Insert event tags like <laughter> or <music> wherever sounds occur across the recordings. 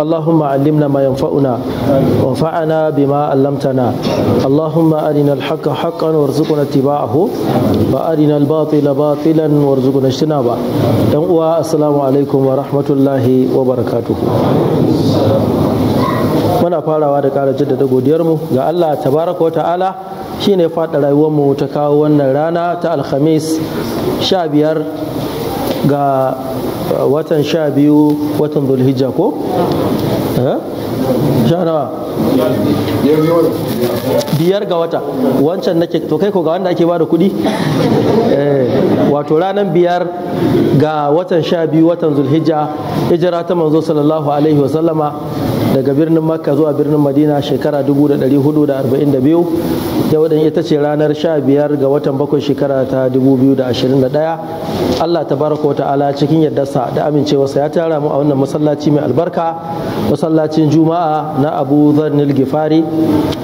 اللهم علمنا ما ينفعنا وانفعنا بما علمتنا اللهم أرنا الحق حقا وارزقنا اتباعه وأرنا الباطل باطلا وارزقنا اجتنابه السلام عليكم ورحمة الله وبركاته muna farawa da ƙara jaddada godiyarmu ga Allah tabaraka wata'ala shine faɗa rayuwarmu ta kawo wannan rana ta alhamis sha biyar ga watan sha biyu watan zulhijja ko? Eh? sha biyar ga wata wancan nake to kai ko ga wanda ake bada kudi? Eh, wato ranar biyar ga watan sha biyu watan zulhijja hijira ta manzo sallallahu alaihi wasallama daga birnin makka zuwa birnin madina shekara 1442 yau da ita ce ranar sha biyar ga watan bakwai shekara ta da ɗaya, Allah ta baraka wa ta'ala cikin sa da amincewarsa ya tara mu a wannan masallaci mai albarka masallacin juma'a na abu zarnil gifari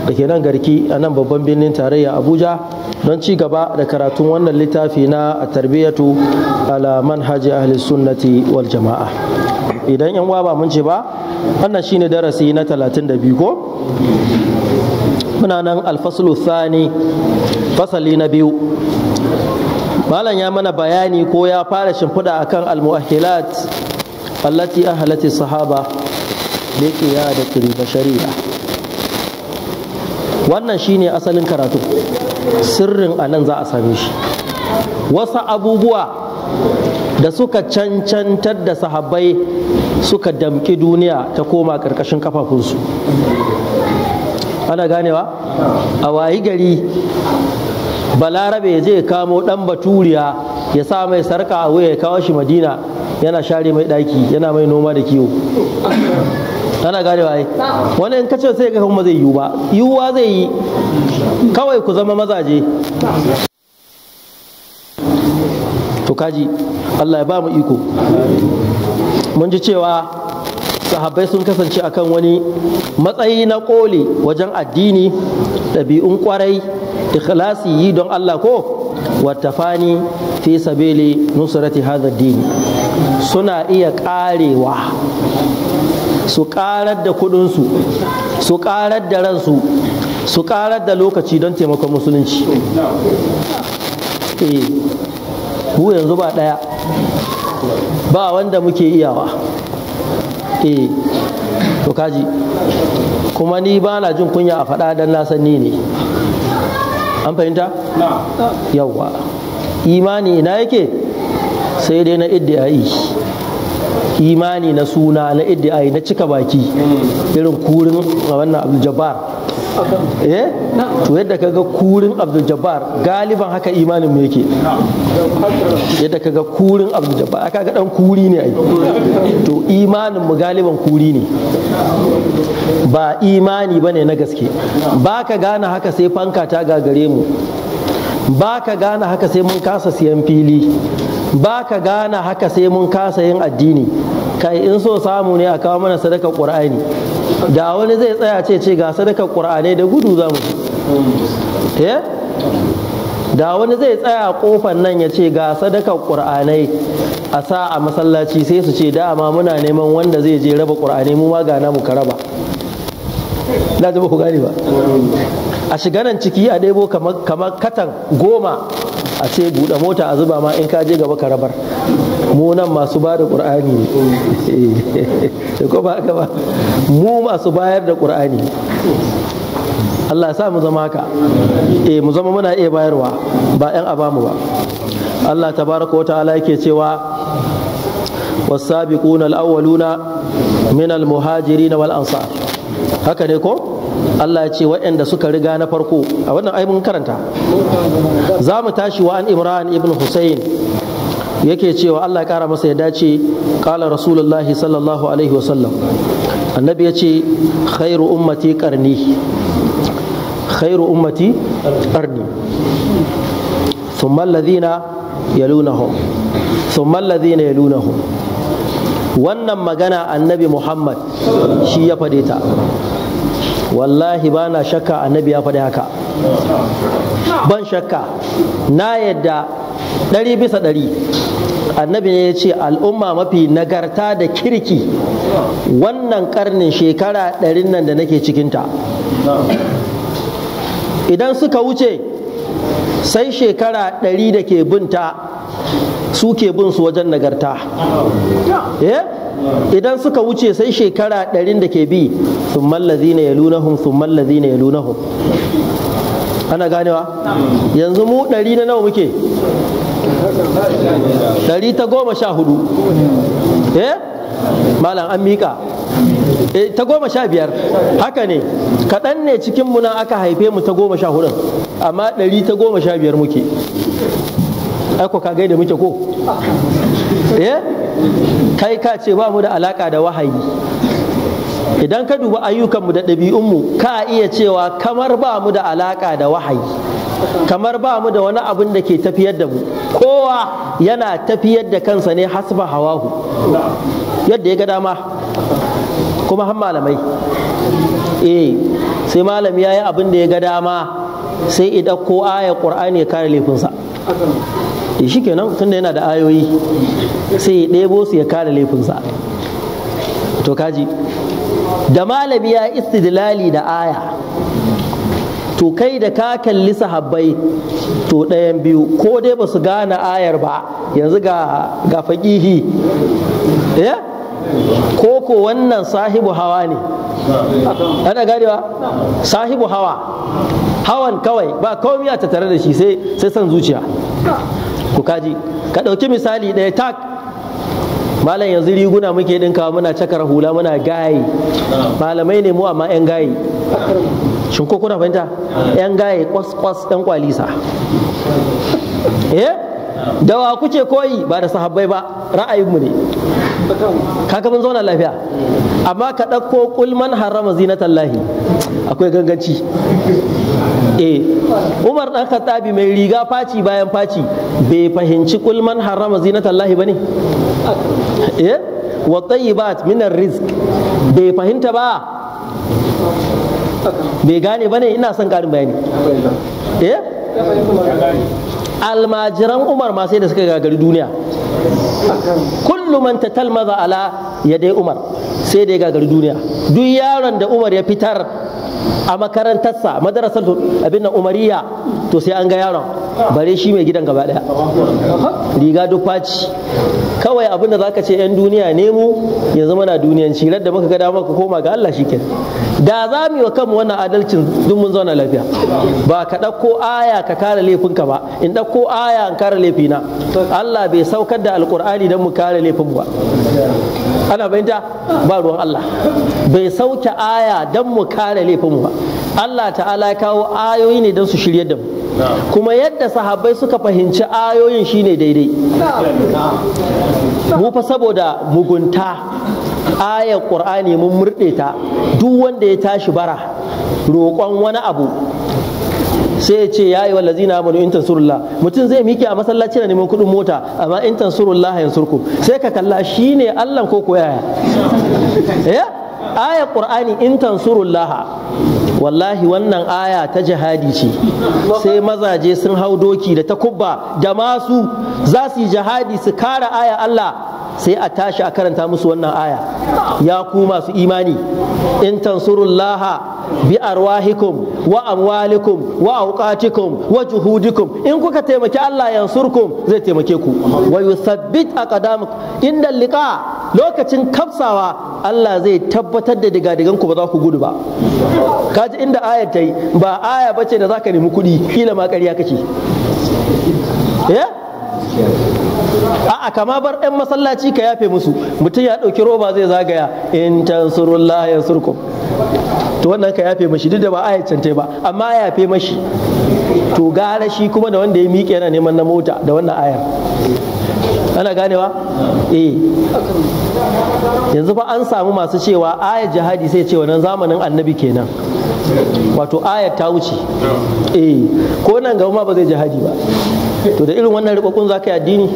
da ke nan garki a nan babban birnin tarayya abuja don ci gaba da karatun wannan littafi na a tarbiyyatu ala manhaji ahli sunnati wal jama'a idan yan ba mun ce ba wannan shine darasi na 32 ko muna nan alfaslu thani fasali na biyu malam ya mana bayani ko ya fara shimfiɗa akan almu'ahilat allati ahlati sahaba da ke ya da turiba shari'a wannan shine asalin karatu sirrin a nan za a same shi wasu abubuwa da suka cancantar da sahabbai suka damƙi duniya ta koma ƙarƙashin kafafunsu ana ganewa a wayi gari balarabe ya je kamo dan baturiya ya sa mai sarka a wuya ya kawo shi madina yana share mai daki yana mai noma da kiwo ana ganewa wani in kace sai ga kuma zai yiwu ba yiwuwa zai yi kawai ku zama mazaje to kaji Allah ya ba mu iko mun ji cewa sahabbai sun kasance akan wani matsayi na koli wajen addini ɗabi'un kwarai ikhlasi yi don Allah ko wattafani fi sabili nusrati hadha dini suna iya karewa su karar da kudinsu su karar da ransu su karar da lokaci don taimakon musulunci eh ku yanzu ba daya ba wanda muke iyawa eh to kuma ni ba na jin kunya a faɗa dan na san ni ne an fahimta yawwa imani ina yake sai dai na iddi'ai imani na suna na iddi'ai na cika baki hmm. irin kurin a wannan abdul jabbar eh to yadda kaga kurin abdul jabbar galiban haka imanin mu yake yadda kaga kurin abdul jabbar aka ga dan kuri ne ai to imanin mu galiban kuri ne ba imani bane na gaske ba ka gane haka sai fanka ta gagare mu ba ka gane haka sai mun kasa siyan fili ba ka gane haka sai mun kasa yin addini kai in so samu ne a kawo mana sadakar ƙur'ani. da wani zai tsaya ce ce ga sadakar qur'ani da gudu za mu eh da wani zai tsaya ƙofar nan ya ce ga sadakar ƙur'anai a sa a masallaci sai su ce dama muna neman wanda zai je raba ƙur'ani mu ma gana mu ka raba na ji ba ku gani ba a shiga nan ciki a ɗebo kamar katan goma a ce buɗe mota a zuba ma in ka je gaba ka rabar mu nan masu ba da ƙur'ani ne eh, <laughs> ko ba haka ba mu masu bayar da ƙur'ani Allah sa mu zama ka. E eh, mu zama muna iya bayarwa ba ƴan a bamu ba Allah tabaraka wa ta'ala yake cewa والسابقون الأولون من wal والأنصار haka ne ko Allah ya ce waɗanda suka riga na farko a wannan ai mun karanta za mu tashi wa an Imran ibn Hussein yake cewa Allah ya kara masa ya dace kala rasulullahi sallallahu alaihi wasallam annabi ya ce khairu ummati karni khairu ummati karni thumma alladhina yalunahum thumma wannan magana annabi Muhammad shi ya faɗe ta wallahi ba na shakka annabi ya faɗi haka ban shakka na yadda ɗari bisa ɗari annabi ne ya ce al'umma mafi nagarta da kirki wannan karnin shekara ɗarin nan da nake cikinta idan suka wuce sai shekara ɗari da ke binta su ke bin su wajen nagarta eh? idan suka wuce sai shekara ɗarin da ke bi sun mallazi na yalunahun sun mallazi na yalunahun ana ganewa yanzu mu ɗari na nawa muke ɗari ta goma sha hudu eh malam an miƙa eh, ta goma sha biyar haka ne kaɗan ne cikin muna aka haife mu ta goma sha hudun amma ɗari ta goma sha biyar muke aiko ka gaida muke ko eh kai ka ce ba mu da alaka da wahayi idan ka duba ayyukanmu da ɗabi'unmu ka iya cewa kamar ba mu da alaka da wahayi kamar ba mu da wani abin da ke tafiyar da mu kowa yana tafiyar da kansa ne hasba hawahu yadda ya ga dama kuma han malamai eh sai malami ya yi abin da ya ga dama sai idan ko ayar qur'ani ya kare laifinsa da eh, shi kenan tunda yana da ayoyi sai ya ɗebo su ya kare laifinsa to kaji da malami ya istidlali da aya to kai da ka kalli sahabbai to ɗayan biyu ko dai ba su gane ayar ba yanzu ga ga faƙihi eh? ko ko wannan sahibu hawa ne ana ganewa sahibu hawa hawan kawai ba komai a tattare da shi sai san zuciya ku kaji ka ɗauki misali ɗaya tak malam yanzu riguna muke ɗinka muna cakar hula muna gayi malamai ne mu amma 'yan gayi shin ko kuna fahimta yan gaye kwas kwas yan kwalisa eh dawa kuke koyi ba da sahabbai ba mu ne kaga mun zauna lafiya amma ka ɗauko kulman harama zinatan lahi akwai ganganci eh umar dan khattabi mai riga faci bayan faci bai fahimci kulman harama zinatan lahi ba ne eh wa tayyibat minar rizq bai fahimta ba bai gane ba ne ina son karin bayani eh? almajiran umar ma sai da suka gagari duniya kullum man ta talmaza ala ya dai umar sai da ya gagari duniya duk yaron da umar ya fitar a makarantarsa madarasar abin nan umariya to sai an ga yaron bare shi mai gidan gaba daya riga duk faci kawai abinda da zaka ce yan duniya ne mu yanzu muna duniyanci da muka ga dama ka koma ga Allah shikenan da za mu yi wa kanmu wannan adalcin duk mun zauna lafiya ba ka ɗauko aya ka kare laifinka ba in ɗauko aya in kare laifina Allah bai saukar da alƙur'ani don mu kare laifin ba ana bayanta ba ruwan Allah bai sauke aya don mu kare laifin ba Allah ta'ala ya kawo ayoyi ne don su shirye da mu kuma yadda sahabbai suka fahimci ayoyin shine daidai mu fa saboda mugunta ayar ƙur'ani mun murɗe ta duk wanda ya tashi bara roƙon wani abu sai ya ce ya yi wallazi na amanu in tansurullah mutum zai miki a masallaci na neman kuɗin mota amma in tansurullah surku sai ka kalla shi ne allan ko ko yaya ya eh? aya qur'ani in tansurullah wallahi wannan aya ta jihadi ce sai mazaje sun hau doki da ta kubba da masu za su yi jihadi su kara aya Allah sai a tashi a karanta musu wannan aya ya ku masu imani in tansurullaha bi arwahikum wa amwalikum wa awqatikum wa juhudikum in kuka taimaki Allah yansurkum zai taimake ku wa a aqdamakum inda liqa lokacin kafsawa Allah zai tabbatar da digadigan ku ba za ku gudu ba kaji inda ayar ta yi ba aya bace da zaka nemi kuɗi kila ma ƙarya kake eh a'a kama bar ɗan masallaci ka yafe musu mutum ya ɗauki roba zai zagaya in tansurullah ya surkum to wannan ka yafe mashi duk da ba a cante ba amma ya yafe mashi to gara shi kuma da wanda ya miƙe yana neman na mota da wannan ayar ana ganewa eh yanzu fa an samu masu cewa ayar jihadi sai cewa nan zamanin annabi kenan wato ayar ta wuce eh ko nan gaba ma ba zai jihadi ba to da irin wannan rikokun za ka yi addini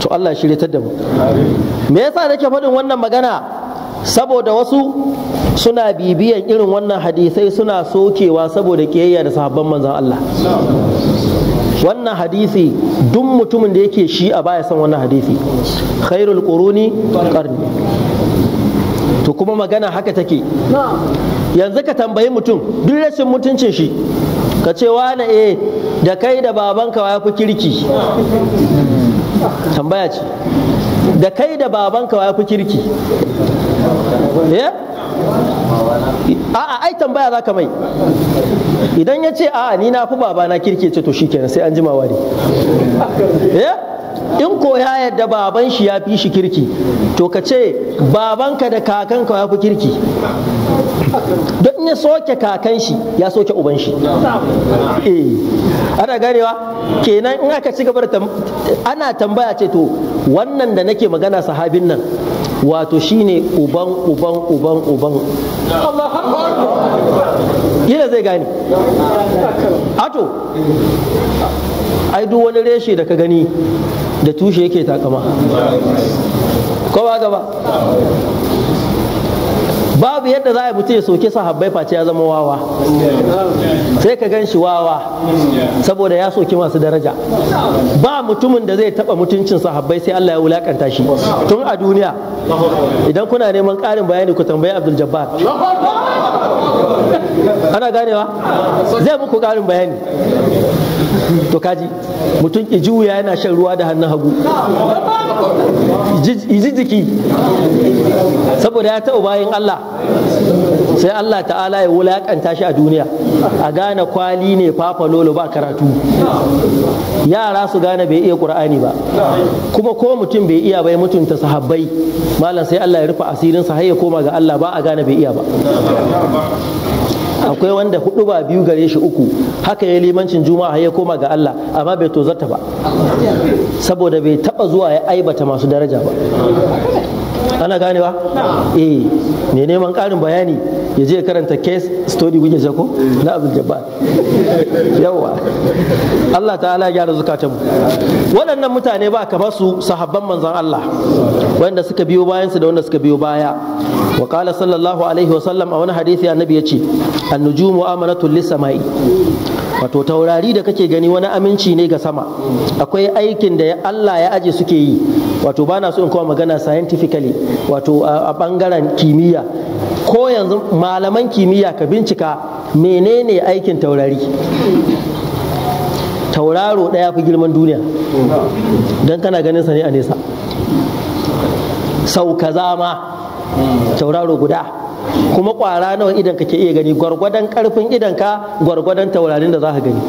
to Allah shirye ta da mu me yasa nake faɗin wannan magana saboda wasu suna bibiyan irin wannan hadisai suna sokewa saboda kiyayya da sahabban manzon Allah wannan hadisi duk mutumin da yake shi a baya san wannan hadisi khairul quruni qarni to kuma magana haka take yanzu ka tambayi mutum duk rashin mutuncin shi ka ce wane eh da kai da babanka ya fi kirki tambaya ce da kai da babanka wa fi kirki eh? a'a ai tambaya za ka mai idan ya ce a'a ni na fi babana kirki ce to shikenan sai an jima wari eh? in ko ya yadda baban shi ya fi shi kirki to ka ce babanka da kakanka ya fi kirki don ne soke kakan shi ya soke uban shi eh ana ganewa kenan in aka ci gaba ana tambaya ce to wannan da nake magana sahabin nan wato shine uban uban uban uban yana zai gane ato ai duk wani reshe da ka gani da tushe yake takama kowa ba gaba babu yadda za a mutum ya soke sahabbai face ya zama wawa sai ka gan shi wawa saboda ya soki masu daraja ba mutumin da zai taba mutuncin sahabbai sai Allah ya wulakanta shi tun a duniya idan kuna neman karin bayani ku tambayi Abdul Jabbar ana ganewa zai muku ƙarin bayani to kaji mutum ki juya yana shan ruwa da hannun hagu Iji jiki saboda ya taɓa bayan Allah sai Allah ta'ala ya wulaƙanta shi a duniya a gane kwali ne fafa lolo ba karatu yara su gane bai iya ƙur'ani ba kuma ko mutum bai iya bai mutunta sahabbai malam sai Allah ya rufe sa har ya koma ga Allah ba a gane bai iya ba akwai wanda hudu ba biyu gare shi uku haka ya limancin juma'a ya koma ga Allah amma bai tozarta ba saboda bai taba zuwa ya aibata masu daraja ba ana ganewa eh ne neman karin bayani ya je karanta case story kuke ce ko na abdul jabbar yawa Allah ta'ala ya gyara zukatanmu waɗannan mutane ba kamar su sahabban manzon Allah wanda suka biyo bayansu da wanda suka biyo baya wa qala sallallahu alaihi wa sallam a wani hadisi annabi ya ce an-nujumu amanatul lisama'i wato taurari da kake gani wani aminci ne ga sama akwai aikin da Allah ya aje suke yi wato bana so in kawo magana scientifically wato a bangaren kimiyya ko yanzu malaman kimiyya ka bincika menene aikin taurari tauraro ɗaya fi girman duniya don kana ganin sa ne a nesa sau kaza tauraro guda kuma ƙwara nawa idan ka ke iya gani gwargwadon ƙarfin idan ka gwargwadon taurarin da za ka gani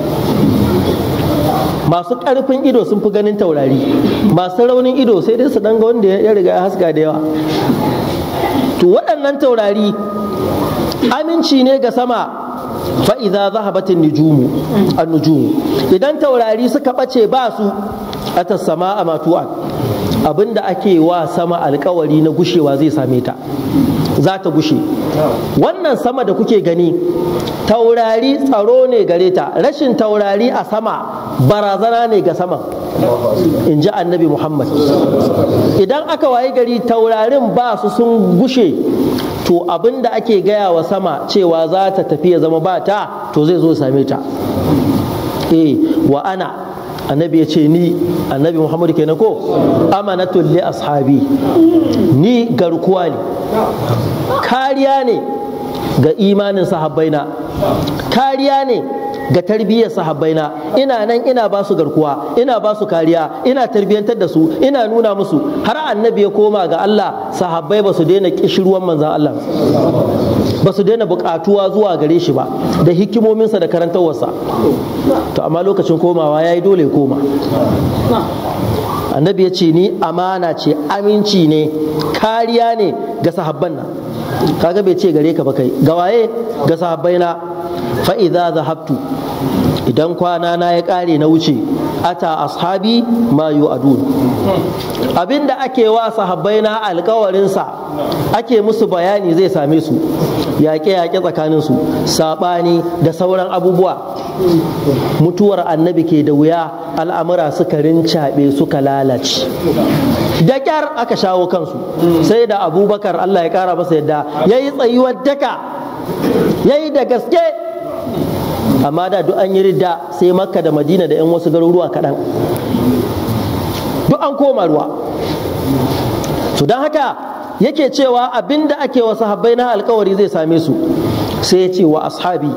masu ƙarfin ido sun fi ganin taurari masu raunin ido sai dai su ɗanga wanda ya riga haska da yawa to waɗannan taurari aminci ne ga sama fa'iza zahabatin a an nujumu idan taurari suka ɓace ba su a sama a matuwa abinda ake wa sama alkawari na gushewa zai same ta za ta gushe wannan sama da kuke gani taurari tsaro ne gare ta rashin taurari a sama barazana ne ga saman in ji annabi muhammad idan aka wayi gari taurarin ba su sun gushe to abin da ake gaya wa sama cewa za ta tafi ya zama ba ta to zai zo same ta eh wa ana annabi ya ce ni annabi Muhammadu kenan ko amanatun li ashabi ni garkuwa ne kariya ne ga imanin sahabbaina kariya ne ga tarbiyyar sahabbaina ina nan ina ba su garkuwa ina ba su kariya ina tarbiyyantar da su ina nuna musu har annabi ya koma ga Allah sahabbai ba su daina kishirwan manzan Allah ba su daina bukatuwa zuwa gare shi ba da hikimominsa da karantarwarsa to amma lokacin komawa ya yi dole koma annabi ya ce ni amana ce aminci ne kariya ne ga sahabban nan kaga bai ce gare ka ba kai ga waye ga sahabbai na fa'iza zahabtu idan kwana na ya ƙare na wuce ata ashabi ma Abin abinda ake wa sahabbai na alkawarinsa ake musu bayani zai same su yaƙe-yaƙe tsakaninsu saɓani da sauran abubuwa mutuwar annabi ke da wuya al'amura suka rincaɓe suka lalace da ƙyar aka shawo kansu sai da abubakar allah ya ƙara masa yadda ya yi tsayuwar daka ya yi da gaske amma da duk an yi ridda sai makka da madina da 'yan wasu garuruwa kaɗan duk an koma ruwa su don haka yake cewa abinda ake wa sahabbai na alkawari zai same su sai ya ce wa ashabi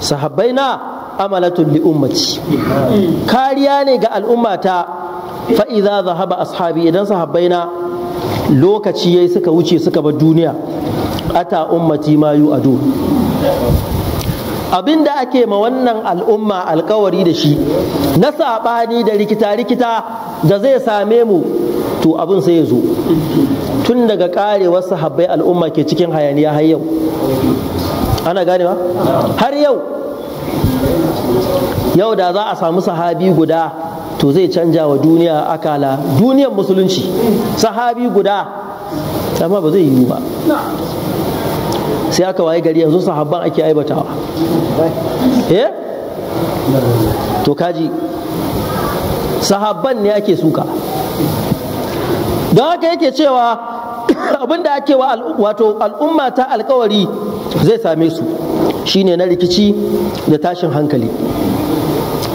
sahabbai na amalatun li ummati kariya ne ga al'ummata fa'iza zahaba ashabi idan sahabbai na lokaci yayi suka wuce suka bar duniya ata ummati ma yu adu abin da ake ma wannan al'umma alkawari da shi na saɓani da rikita-rikita da zai same mu to abin sai ya zo tun daga karewar sahabbai al'umma ke cikin hayaniya har yau ana gane ba har yau yau da za a samu sahabi guda to zai canja wa duniya akala duniyar musulunci sahabi guda amma ba zai yiwu ba sai aka waye gari yanzu sahabban ake aibatawa eh to kaji sahabban ne ake suka don haka yake cewa <coughs> abinda ake wa wato al'umma ta alkawari zai same su shine na rikici da tashin hankali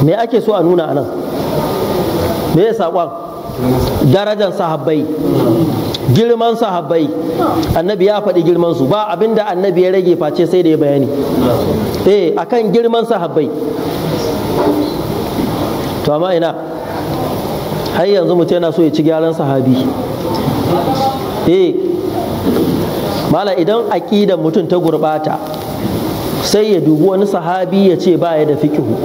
me ake so a nuna anan me ya saƙon darajar sahabbai girman sahabbai annabi ya faɗi girman su ba abinda annabi ya rage face sai da ya bayani eh akan girman sahabbai to amma ina har yanzu mutum yana so ya ci gyaran sahabi eh mala idan aqidar mutum ta gurbata sai ya dubi wani sahabi ya ce ba ya da fikihu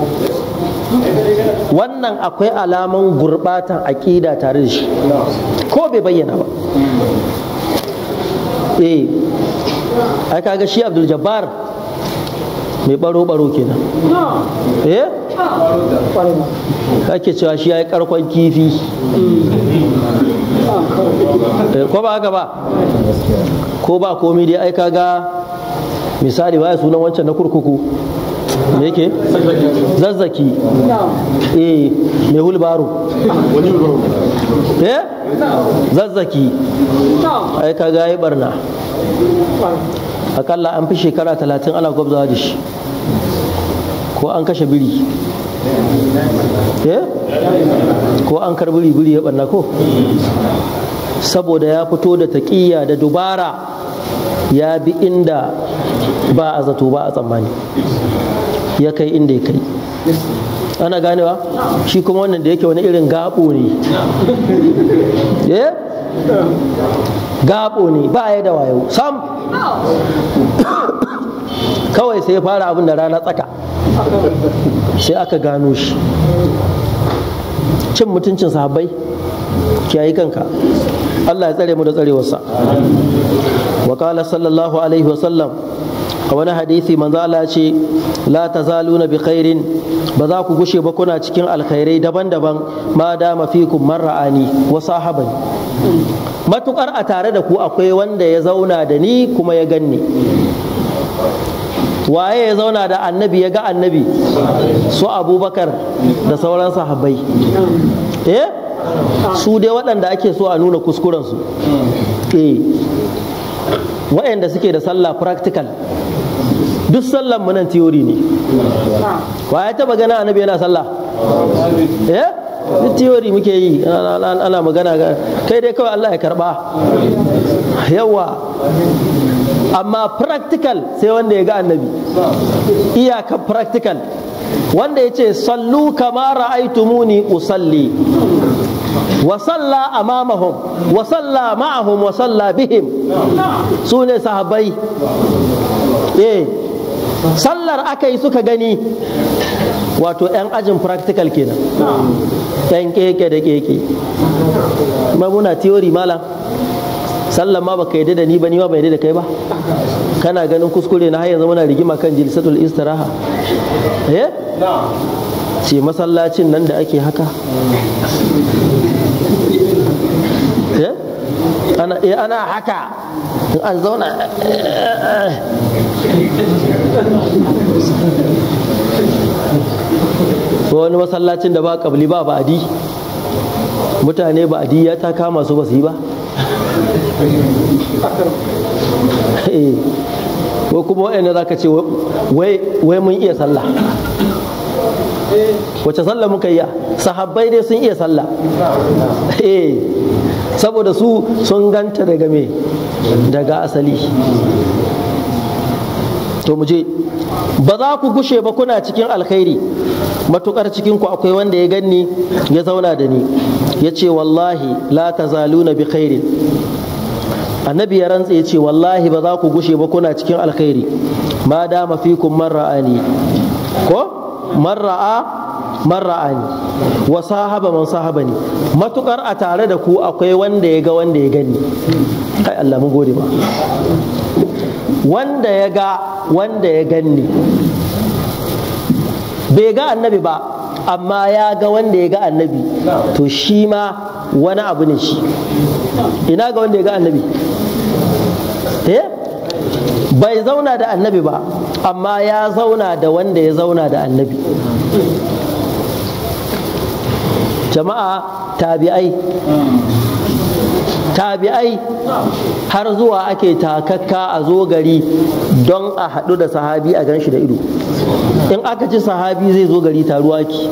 wannan akwai alaman gurbatan aƙida tare da shi ko bai bayyana ba Mm. eh ai kaga shi abdul jabbar mai baro-baro kenan eh kake cewa shi ya karkon kifi mm. eh, ko ba haka ba ko ba komi dai ai kaga misali ba sunan wancan na kurkuku me yake zazzaki eh me hulbaro eh zazzaki ai ka ga yi barna akalla an fi shekara talatin ana gwabza da shi ko an kashe biri Eh? ko an karbiri biri ya barna ko saboda ya fito da taƙiyya da dubara ya bi inda ba a zato ba a tsammani ya kai inda ya kai ana ganewa shi kuma wannan da yake wani irin gabo ne eh? gaɓo ne ba ya da wayo sam kawai sai fara abin da rana tsaka sai aka gano shi cin mutuncin sahabbai kiyayi kanka Allah ya tsare mu da tsarewarsa wa sallallahu alaihi wa a wani hadisi manzo Allah ce la tazaluna bi khairin ba za ku gushe ba kuna cikin alkhairai daban-daban ma dama fikum marra'ani wa sahaban matukar a tare da ku akwai wanda ya zauna da ni kuma ya ganni waye ya zauna da annabi ya ga annabi su abubakar da sauran sahabbai eh su dai waɗanda ake so a nuna kuskurensu eh wa'anda suke da sallah practical duk sallan munan theory ne wa ya taba gana annabi yana sallah eh duk theory muke yi ana magana kai dai kawai Allah ya karba yawa amma practical sai wanda ya ga annabi iyaka practical wanda ya ce sallu kama ra'aitumuni usalli Wasalla a mamahun wasalla ma'ahun wasalla salla bihim su ne sahabbai eh sallar aka yi suka gani wato 'yan ajin practical kenan 'yan keke da keke muna theory malam sallar ma baka yadda da ni ba ni ma ban da kai ba kana ganin kuskure na har zama muna rigima kan jilisatul istiraha eh ce masallacin nan da ake haka ana eh, ana haka an zauna eh, eh. wani masallacin da ba kabli ba ba'adi mutane ba'adi ya ta kama su ba su yi ba <laughs> ko kuma ne za ka ce wai mun iya sallah wace sallah muka yi sahabbai dai sun iya sallah <laughs> eh saboda su sun ganta daga me daga asali to muje, je ba za ku gushe ba kuna cikin alkhairi matukar cikinku akwai wanda ya ganni ya zauna da ni ya ce wallahi la tazaluna bi khairi annabi ya rantsa ya ce wallahi ba za ku gushe ba kuna cikin alkhairi ma dama fikum man ko man man ra'ani wa sahaba man sahabani matukar a tare da ku akwai wanda ya ga wanda ya gani kai Allah mun gode ba wanda ya ga wanda ya gani bai ga annabi ba amma ya ga wanda ya ga annabi to shi ma wani abu ne shi ina ga wanda ya ga annabi eh bai zauna da annabi ba amma ya zauna da wanda ya zauna da annabi jama'a tabi'ai tabi'ai har zuwa ake takakka a zo gari don a haɗu da sahabi a gan shi da ido in aka ci sahabi zai zo gari taruwa ki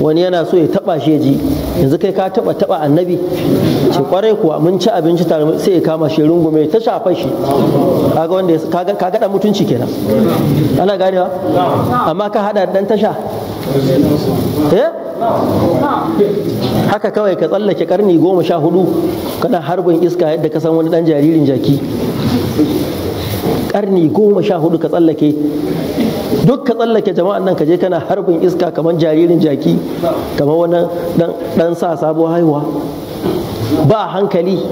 wani yana so ya taba shi ji yanzu kai ka taba taba annabi ce kwarai kuwa mun ci abinci tare sai ya kama shi rungume ta shafa shi kaga wanda ka ga dan mutunci kenan ana ganewa amma ka hada dan tasha eh haka kawai ka tsallake karni goma sha hudu kana harbin iska yadda ka san wani dan jaririn jaki karni goma sha hudu ka tsallake duk ka tsallake jama'an nan ka je kana harbin iska kamar jaririn jaki kamar wani dan sa sabo haihuwa ba hankali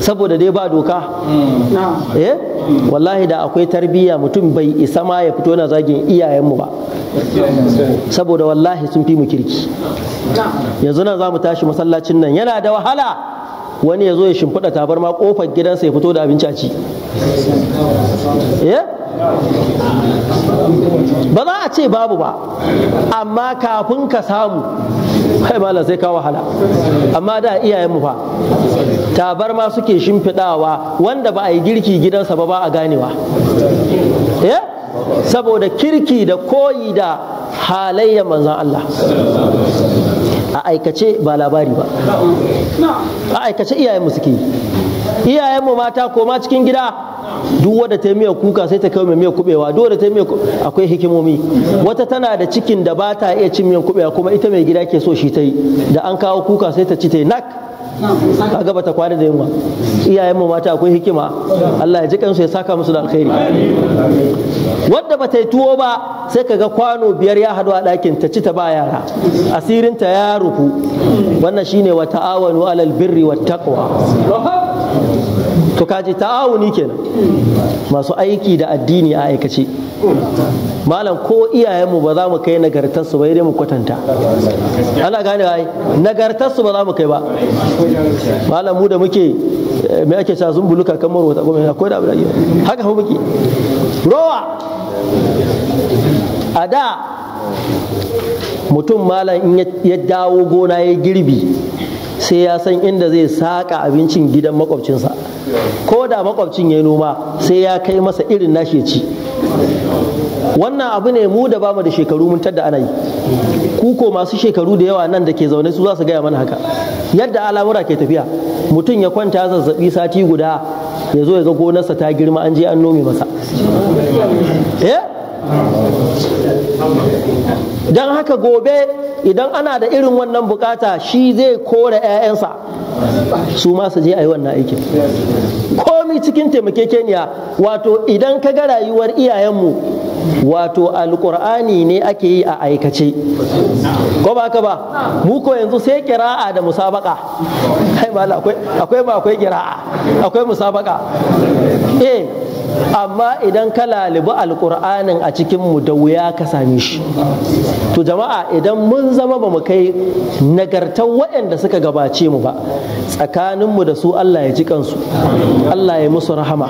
saboda dai ba doka mm. eh wallahi da akwai tarbiyya mutum bai isa ma ya fito na zagin iyayenmu ba saboda wallahi sun fi mu kirki yanzu nan za mu tashi masallacin nan yana da wahala wani ya zo ya shimfiɗa tabarma kofar gidansa ya fito da abinci a ci eh? ba za a ce babu ba amma kafin ka samu kai malam sai ka wahala amma da iyayenmu fa ma suke shimfiɗawa wanda ba a yi girki gidansa ba ba a ganewa eh? saboda kirki da koyi da halayya manzan Allah a aikace ba labari ba a aikace iyayenmu suke iyayenmu mata koma cikin gida duk wadda ta miya kuka sai ta kai mai miya kubewa duk wadda ta miya akwai hikimomi wata tana da cikin da ba ta iya cin miyan kubewa kuma ita mai gida ke so shi ta yi da an kawo kuka sai ta ci ta yi nak gaba ta kwana da yunwa iyayen mu mata akwai hikima Allah ya ji kansu ya saka musu da alkhairi wanda bata yi tuwo ba sai kaga kwano biyar ya hadu a ɗakin ta ci ta ba yara asirin ta ya ruku wannan shine wa ta'awanu alal birri wat taqwa to kaji ta'awuni kenan masu aiki da addini a aikace malam ko iyayenmu ba za mu kai nagartarsu ba dai mu kwatanta ana gane ai nagartarsu ba za mu kai ba malam mu da muke eh, me ake cewa sun buluka maro ta goma akwai da abu da haka fa muke rowa a da mutum malam in ya dawo gona ya girbi sai ya san inda zai saka abincin gidan makwabcinsa ko da makwabcin ya noma sai ya kai masa irin nashi ya ci wannan abu ne mu da bamu da shekaru mun tadda ana yi ku ko masu shekaru da yawa nan da ke zaune su za su gaya mana haka yadda al'amura ke tafiya mutum ya kwanta zazzabi sati guda ya zo ya ga gonarsa ta girma an je an nome masa eh? don haka gobe idan ana da irin wannan bukata shi zai kore 'ya'yansa su ma su je a yi wannan aikin cikin taimakekeniya wato idan ka ga rayuwar iyayenmu wato alkur'ani ne ake yi a aikace ko ba ka ba mu ko yanzu sai kira'a da musabaka akwai ba akwai kira'a akwai musabaka eh amma idan ka lalibi alkur'anin a cikinmu da wuya ka same shi to jama'a idan mun zama ba mu kai nagartar waɗanda suka gabace mu ba tsakaninmu da su Allah ya ji kansu Allah ya musu rahama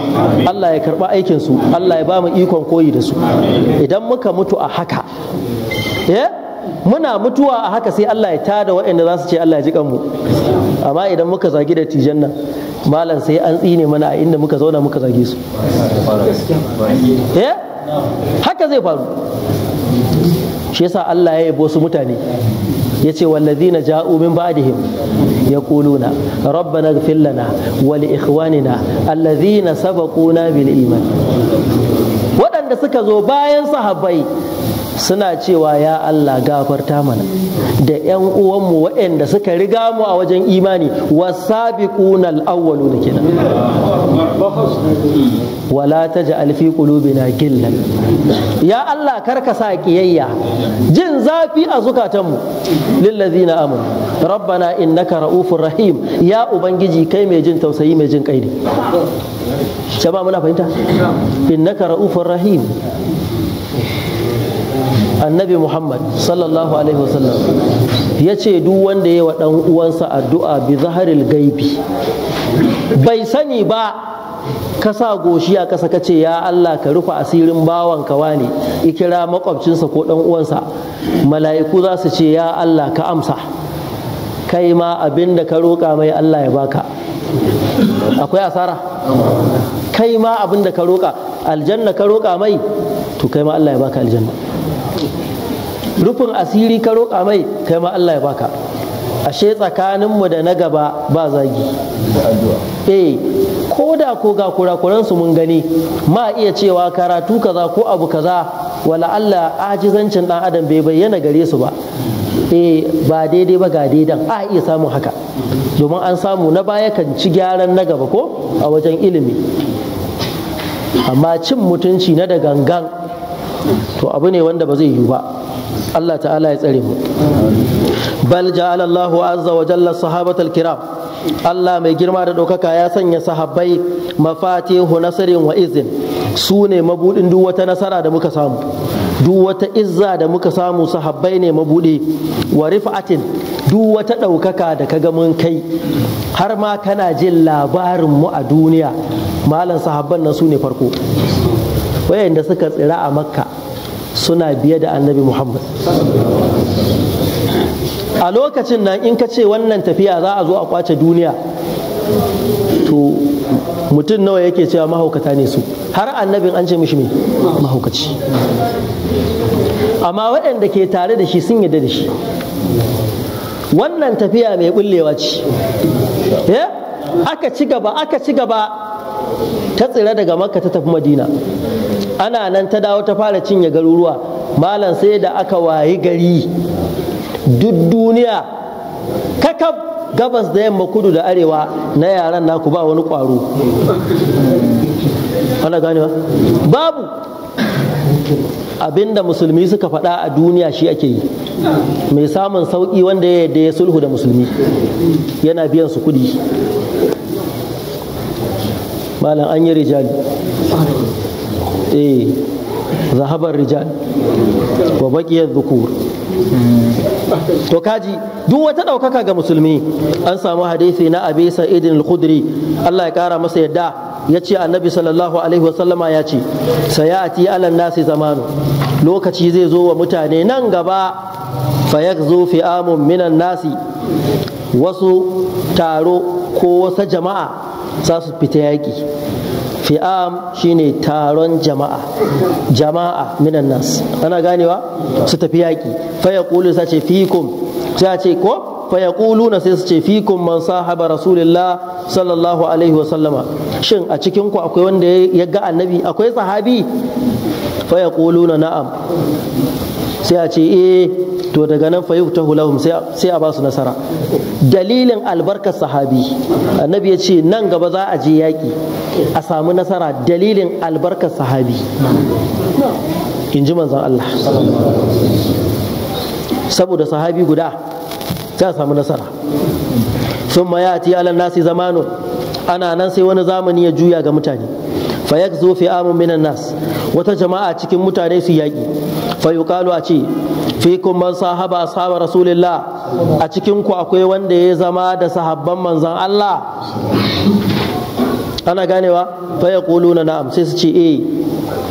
Allah ya karba aikin su Allah ya ba mu ikon koyi da su idan muka mutu a haka eh, muna mutuwa a haka sai Allah ya tada waɗanda za su ce Allah ya ji kanmu amma idan muka zagi da tijan nan malam sai an tsine mana a inda muka zauna muka zagi su eh, haka zai faru shi yasa Allah ya yabo su mutane yace wallazina ja'u min ba'dihim yaquluna rabbana ighfir lana wa li ikhwanina alladhina sabaquna bil iman waɗanda suka zo bayan sahabbai suna cewa ya Allah gafarta mana da 'yan uwanmu waɗanda suka riga mu a wajen imani wasabiquna al-awwaluna kenan wala taj'al fi qulubina gillan ya Allah karka sa kiyayya jin zafi a zukatanmu lillazina amanu rabbana innaka ra'ufur rahim ya ubangiji kai mai jin tausayi mai jin kai ne jama'a muna fahimta innaka ra'ufur rahim annabi muhammad sallallahu alaihi wasallam ya ce duk wanda ya wa ɗan uwansa addu'a bi zaharil gaibi bai sani ba ka sa goshi a ƙasa kace ya Allah ka rufe asirin bawan kawa ne ikira makwabcinsa ko ɗan uwansa mala'iku za su ce ya Allah ka amsa kai ma abin da ka roƙa mai Allah ya baka akwai asara kai ma abin da ka roƙa aljanna ka roƙa mai to kai ma Allah ya baka aljanna rufin asiri ka roƙa mai kai ma Allah ya baka ashe tsakaninmu da na gaba ba zagi eh ko da ko ga kurakuransu mun gani ma iya cewa karatu kaza ko abu kaza wala Allah ajizancin ɗan adam bai bayyana gare su ba eh ba daidai ba ga daidan a iya samun haka domin an samu na baya kan ci gyaran na gaba ko a wajen ilimi amma cin mutunci na da gangan to abu ne wanda ba zai yiwu ba Allah ta'ala ya tsare mu bal ja'ala Allahu azza wa jalla sahabatal kiram Allah mai girma da ɗaukaka ya sanya sahabbai mafatihu nasarin wa izin su ne mabudin duk wata nasara da muka samu duk wata izza da muka samu sahabbai ne mabuɗi wa rif'atin duk wata ɗaukaka da ka ga mun kai har ma kana jin labarin mu a duniya malam sahabban nan su ne farko wayanda suka tsira a makka suna biya da annabi muhammad a lokacin nan in ka ce wannan tafiya za a zo a kwace duniya to mutum nawa yake cewa mahaukata ne su har annabin an ce mishi me mahaukaci amma waɗanda ke tare da shi sun yadda da shi wannan tafiya mai bullewa ce eh? aka ci gaba aka ci gaba ta tsira daga makka ta tafi madina ana nan ta dawo ta fara cinye garuruwa malam sai da aka wayi gari duk duniya kakab gabas da yamma kudu da arewa na yaran naku ba wani kwaro ana ganewa babu abinda musulmi suka faɗa a duniya shi ake yi mai samun sauƙi wanda ya yadda ya sulhu da musulmi yana biyan su kudi malam an yi rijali eh zahabar rijal wa baqiyar dhukur to kaji duk wata ɗaukaka ga musulmi an samu hadisi na abi sa'id al-khudri Allah ya kara masa yadda ya ce annabi sallallahu alaihi wasallama ya ce sayati ala nasi zamanu lokaci zai zo wa mutane nan gaba fayakzu amun minan nasi wasu taro ko wasa jama'a za su fita yaƙi fi'am shine taron jama'a jama'a minan nas ana ganewa su tafi yaki fa yaqulu sace fikum sai ce ko fa na sai su ce fikum man sahaba rasulullah sallallahu alaihi wa sallama shin a cikin ku akwai wanda ya ga annabi akwai sahabi fa yaquluna na'am sai a ce eh to daga nan fa yuta hulahum sai a ba su nasara dalilin albarkar sahabi annabi ya ce nan gaba za a je yaƙi a samu nasara dalilin albarkar sahabi in ji manzon Allah saboda sahabi guda sai a samu nasara sun ma ya ti alan nasi zamanu ana nan sai wani zamani ya juya ga mutane fa zo fi amun minan nas wata jama'a cikin mutane su yaƙi fa yuqalu a ce fikum man sahaba sahaba rasulillah a cikin ku akwai wanda ya zama da sahabban manzan Allah ana ganewa fa na na'am sai su ce eh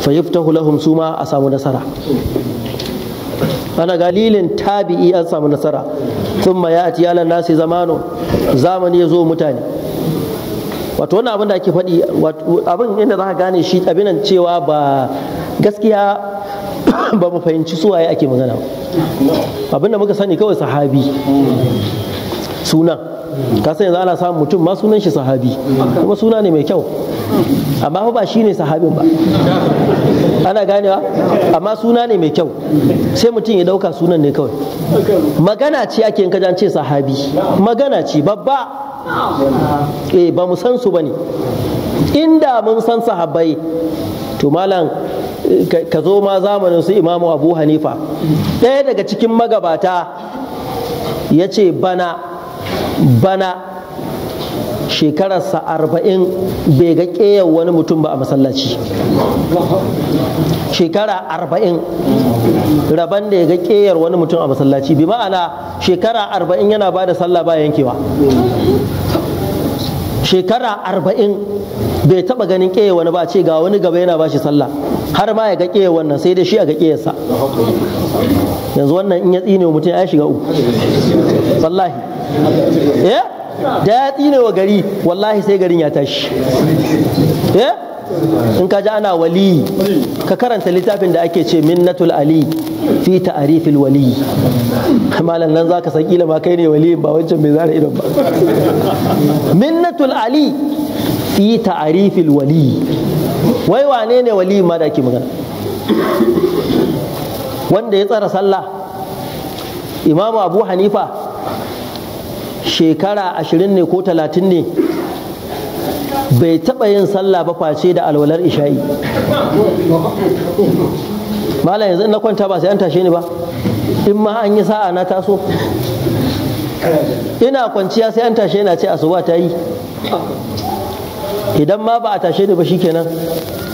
fa yuftahu lahum ma a samu nasara ana galilin tabi'i an samu nasara ya ati yalan nasi zamano zamani ya zo mutane wato wannan abin da ake faɗi abin inda za ka gane shi abinan cewa ba gaskiya <coughs> ba mu fahimci su waye ake magana ba abinda muka sani kawai sahabi sunan ka san yanzu ana samun mutum ma sunan shi sahabi kuma suna ne mai kyau amma fa ba shi ne sahabin ba ana ganewa amma suna ne mai kyau sai mutum ya dauka sunan ne kawai magana ce ake yin kajan ce sahabi magana ce babba eh ba mu san su ba ne. inda mun san sahabai. to malam ka zo ma zamanin su imamu abu hanifa ɗaya daga cikin magabata ya ce bana bana shekararsa arba'in bai ga ƙeyar wani mutum ba a masallaci shekara arba'in rabon da ya ga ƙeyar wani mutum a masallaci bi ma'ana shekara arba'in yana ba da sallah ba yankewa shekara arba'in bai taba ganin ƙeye wani ba ce ga wani gaba yana bashi sallah har ma ya ga ƙeye wannan sai dai shi a ga ƙeyarsa yanzu wannan in ya tsine wa mutum ya shiga uku Sallahi. eh da ya tsine wa gari wallahi sai garin ya tashi eh in ka ji ana wali ka karanta littafin da ake ce minnatul ali fi ta'rifil wali malan nan zaka san kila ma kai ne wali ba wancan bai zara idan ba minnatul ali fi ta'arifil wali wai wane ne wali ma da ake magana wanda ya tsara sallah imamu abu hanifa shekara ashirin ne ko talatin ne bai taɓa yin sallah ba face da alwalar isha'i mala yanzu na kwanta ba sai an tashe ni ba in ma an yi sa'a na taso ina kwanciya sai an tashe na ce asuba ta yi idan ma ba a tashe ni ba shikenan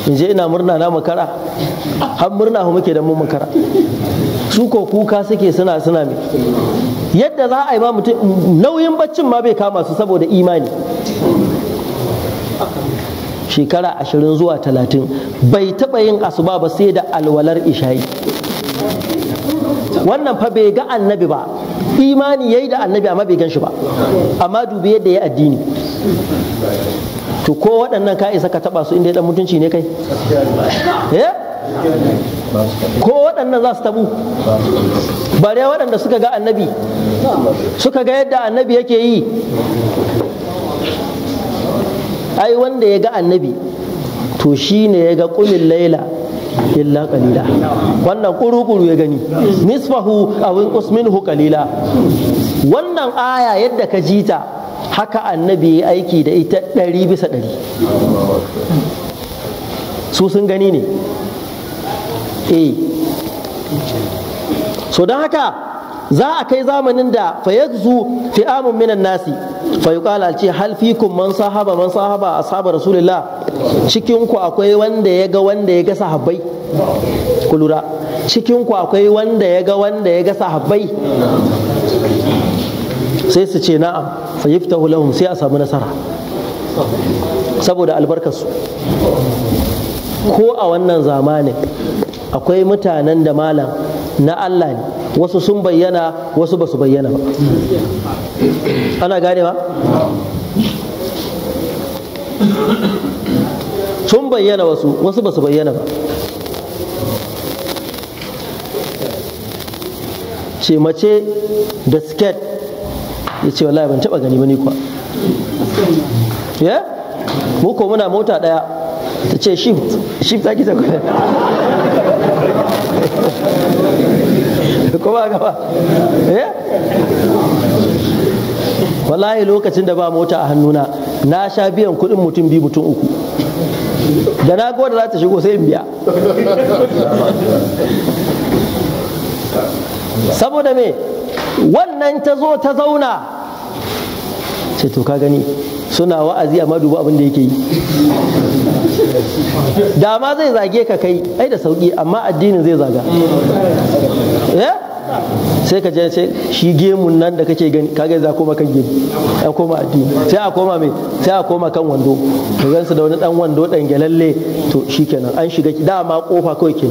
in je ina murna na makara har murna hu muke da mun makara su ko kuka suke suna suna me yadda za a yi ma mutum nauyin baccin ma bai kama su saboda imani shekara ashirin zuwa talatin bai taɓa yin asuba ba sai da alwalar ishayi wannan fa bai ga annabi ba imani yayi da annabi amma bai gan shi ba amma dubi yadda ya addini to ko waɗannan ka isa ka taɓa su inda ya ɗan mutunci ne kai eh? ko waɗannan za su tabu ya waɗanda suka ga annabi suka ga yadda annabi yake yi ai wanda ya ga annabi to shi ne ya ga ƙumin laila illa kalila wannan ƙuru-ƙuru ya gani nisfahu a winkus minhu kalila wannan aya yadda ka jita haka annabi ya aiki da ita ɗari bisa ɗari su sun gani ne eh so don haka za a kai zamanin da fi fi'amun minan nasi fayuqala ce hal fikum man sahaba man sahaba a rasulillah rasulullah cikinku akwai wanda ya ga wanda ya ga sahabbai ku lura akwai wanda ya ga wanda ya ga sahabbai sai su ce na'am fa yiftahu lahum sai a samu nasara saboda albarkarsu ko a wannan zamanin akwai mutanen da malam na Allah ne wasu sun bayyana wasu ba bayyana ba ana gane ba sun bayyana wasu wasu ba bayyana ba ce mace da siket. ya ce wallahi ban taba gani bane kuwa ya mu ko muna mota daya ta ce shift shift zaki ta kuma ko gaba ya wallahi lokacin da ba mota a hannuna na sha biyan kudin mutum biyu mutum uku da na gwada za ta shigo sai in biya saboda me wannan ta zo ta zauna sai to ka gani suna wa'azi amma dubu abin da yake yi da ma zai zage ka kai ai da sauki amma addinin zai zaga eh? sai ka je sai shi gemun nan da kake gani kaga za koma kan gemu ya koma addini sai a koma mai sai a koma kan wando to gansu da wani dan wando dan gelalle to shikenan an shiga dama kofa kawai ke